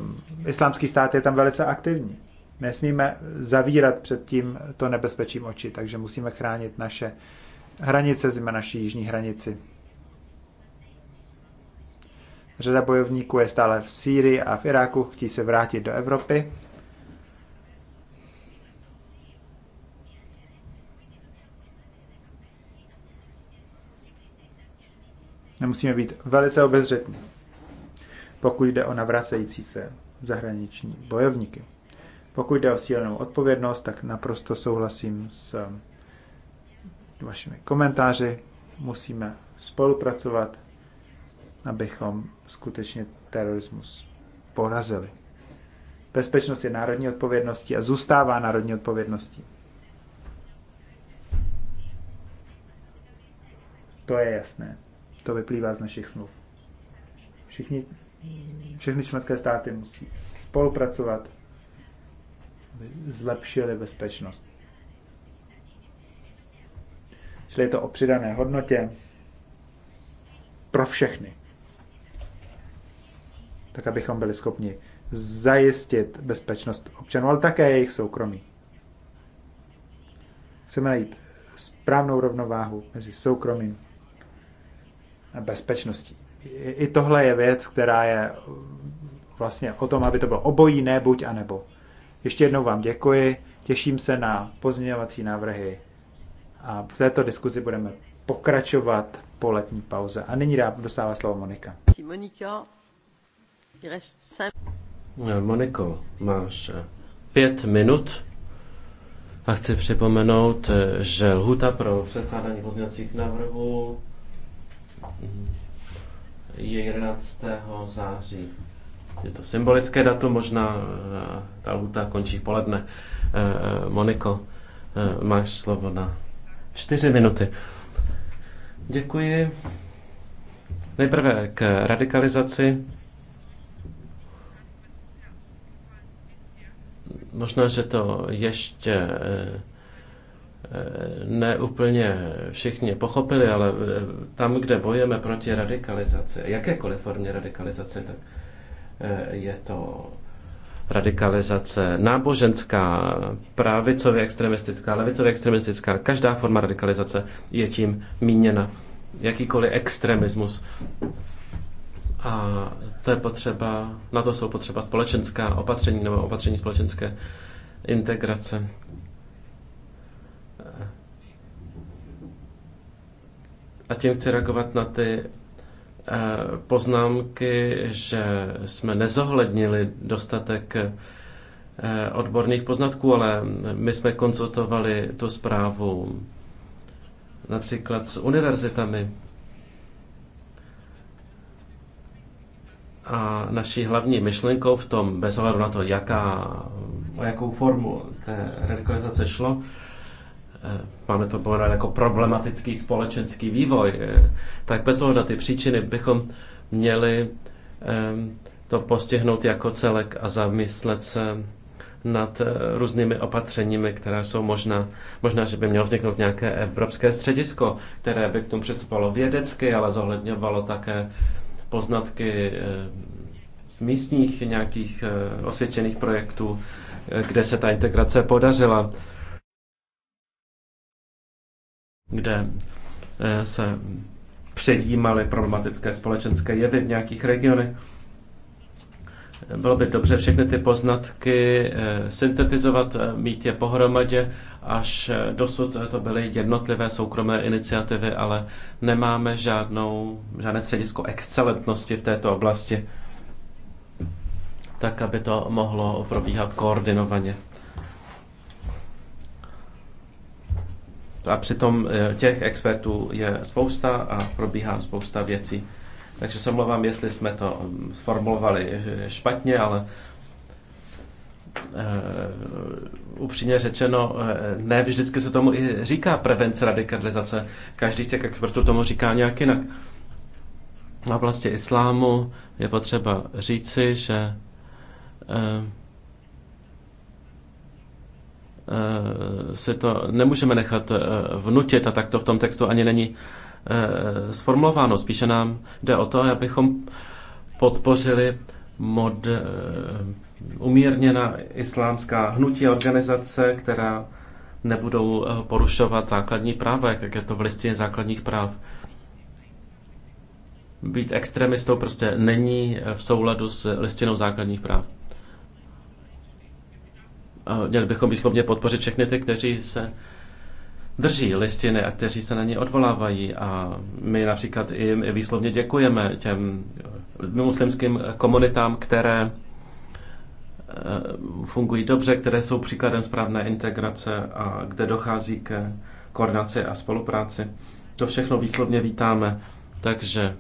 um, islámský stát je tam velice aktivní. Nesmíme zavírat před tím to nebezpečím oči, takže musíme chránit naše hranice, zima naší jižní hranici. Řada bojovníků je stále v Sýrii a v Iráku, chtí se vrátit do Evropy. musíme být velice obezřetní, pokud jde o navracející se zahraniční bojovníky. Pokud jde o sdílenou odpovědnost, tak naprosto souhlasím s eh, vašimi komentáři. Musíme spolupracovat, abychom skutečně terorismus porazili. Bezpečnost je národní odpovědností a zůstává národní odpovědností. To je jasné. To vyplývá z našich smluv. Všichni, všechny členské státy musí spolupracovat, aby zlepšili bezpečnost. Čili je to o přidané hodnotě pro všechny. Tak, abychom byli schopni zajistit bezpečnost občanů, ale také jejich soukromí. Chceme najít správnou rovnováhu mezi soukromím bezpečností. I tohle je věc, která je mm, vlastně o tom, aby to bylo obojí, ne buď a nebo. Ještě jednou vám děkuji, těším se na pozměňovací návrhy a v této diskuzi budeme pokračovat po letní pauze. A nyní dá, dostává slovo Monika.
Monika,
no, Moniko, máš eh, pět minut a chci připomenout, eh, že lhuta pro předkládání pozměňovacích návrhů Mhm. je 11. září. Je to symbolické datum, možná eh, ta lhuta končí v poledne. Eh, eh, Moniko, máš slovo na čtyři minuty. Děkuji. Nejprve k radikalizaci. Možná, že to ještě Eh, neúplně všichni pochopili, ale eh, tam, kde bojujeme proti radikalizaci, jakékoliv formě radikalizace, tak eh, je to radikalizace náboženská, právicově extremistická, levicově extremistická, každá forma radikalizace je tím míněna. Jakýkoliv extremismus. A to je potřeba, na to jsou potřeba společenská opatření nebo opatření společenské integrace. A tím chci reagovat na ty eh, poznámky, že jsme nezohlednili dostatek eh, odborných poznatků, ale my jsme konzultovali tu zprávu například s univerzitami. A naší hlavní myšlenkou v tom, bez ohledu na to, jaká, o jakou formu té radikalizace šlo, Eh, máme to pojmenovat jako problematický společenský vývoj, eh, tak bez ohledu na ty příčiny bychom měli ehm, to postihnout jako celek a zamyslet se nad eh, různými opatřeními, která jsou možná. Možná, že by mělo vzniknout nějaké evropské středisko, které by k tomu přistupovalo vědecky, ale zohledňovalo také poznatky z místních nějakých osvědčených projektů, kde se ta integrace podařila kde eh, se předjímaly problematické společenské jevy v nějakých regionech. Bylo by dobře všechny ty poznatky eh, syntetizovat, eh, mít je pohromadě. Až dosud to byly jednotlivé soukromé iniciativy, ale nemáme žádnou, žádné středisko excelentnosti v této oblasti, tak aby to mohlo probíhat koordinovaně. A přitom eh, těch expertů je spousta a probíhá spousta věcí. Takže se mluvám, jestli jsme to mm, sformulovali eh, špatně, ale eh, upřímně řečeno, ne vždycky se tomu i říká prevence radikalizace. Každý z těch expertů tomu říká nějak jinak. Na oblasti islámu je potřeba říci, že Eh, si to nemůžeme nechat eh, vnutit a tak to v tom textu ani není eh, sformulováno. Spíše nám jde o to, abychom podpořili mod umírněná islámská hnutí organizace, která nebudou porušovat základní práva, jak je to v listině základních práv. Být extremistou prostě není v souladu s listinou základních práv měli bychom slovně podpořit všechny ty, kteří se drží listiny a kteří se na ně odvolávají. A my například jim výslovně děkujeme těm muslimským komunitám, které eh, fungují dobře, které jsou příkladem správné integrace a kde dochází ke koordinaci a spolupráci. To všechno výslovně vítáme, takže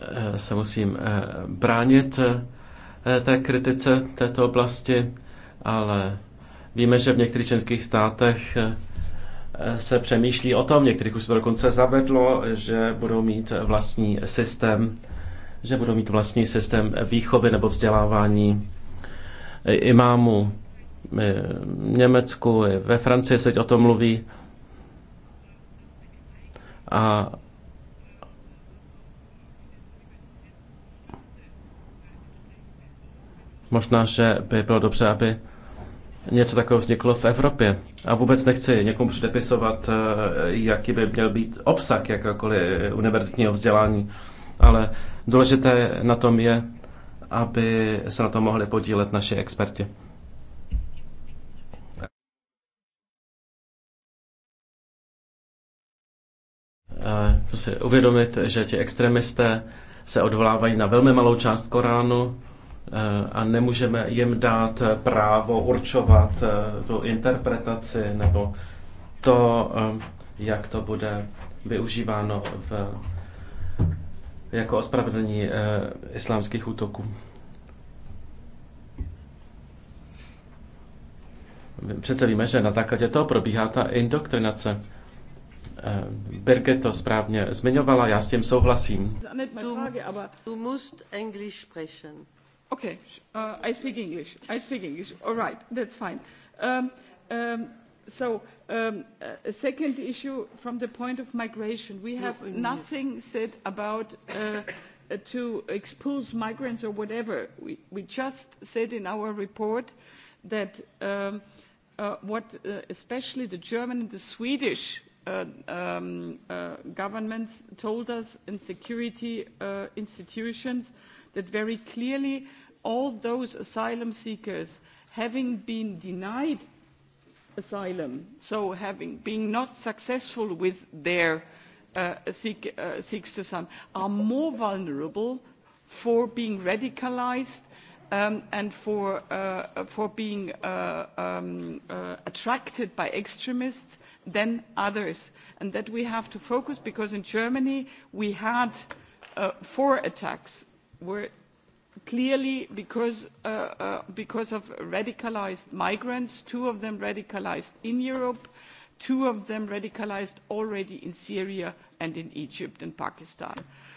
eh, se musím eh, bránit Eh, té kritice této oblasti, ale víme, že v některých členských státech eh, eh, se přemýšlí o tom, některých už se to dokonce zavedlo, že budou mít vlastní systém, že budou mít vlastní systém výchovy nebo vzdělávání imámů. V Německu, ve Francii se o tom mluví. A Možná, že by bylo dobře, aby něco takového vzniklo v Evropě. A vůbec nechci někomu předepisovat, eh, jaký by měl být obsah jakéhokoliv eh, univerzitního vzdělání, ale důležité na tom je, aby se na to mohli podílet naši experti. Eh, uvědomit, že ti extremisté se odvolávají na velmi malou část Koránu Eh, a nemůžeme jim dát eh, právo určovat eh, tu interpretaci nebo to, jak to bude využíváno v, jako ospravedlnění islámských útoků. Přece víme, že na základě toho probíhá ta indoktrinace. Birgit to správně zmiňovala, já s tím souhlasím.
Okay, uh, I speak English. I speak English. All right, that's fine. Um, um, so, um, a uh, second issue from the point of migration. We have no, nothing no. said about uh, uh to expose migrants or whatever. We, we just said in our report that um, uh, what uh, especially the German and the Swedish Uh, um, uh, governments told us and security uh, institutions that very clearly all those asylum seekers having been denied asylum, so having been not successful with their uh, seek, uh, seeks to some, are more vulnerable for being radicalized um, and for, uh, for being uh, um, uh, attracted by extremists than others. And that we have to focus because in Germany we had uh, four attacks were clearly because, uh, uh, because of radicalized migrants, two of them radicalized in Europe, two of them radicalized already in Syria and in Egypt and Pakistan. Uh,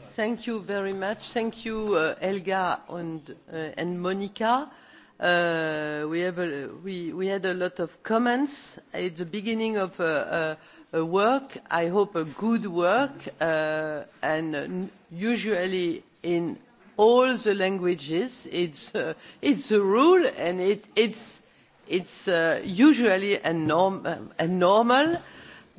Thank you very much. Thank you, uh, Helga and, uh, Monica. Uh, we, had a lot of comments. It's the beginning of a, work, I hope a good work, and usually in all the languages. It's, a rule and it's, usually a normal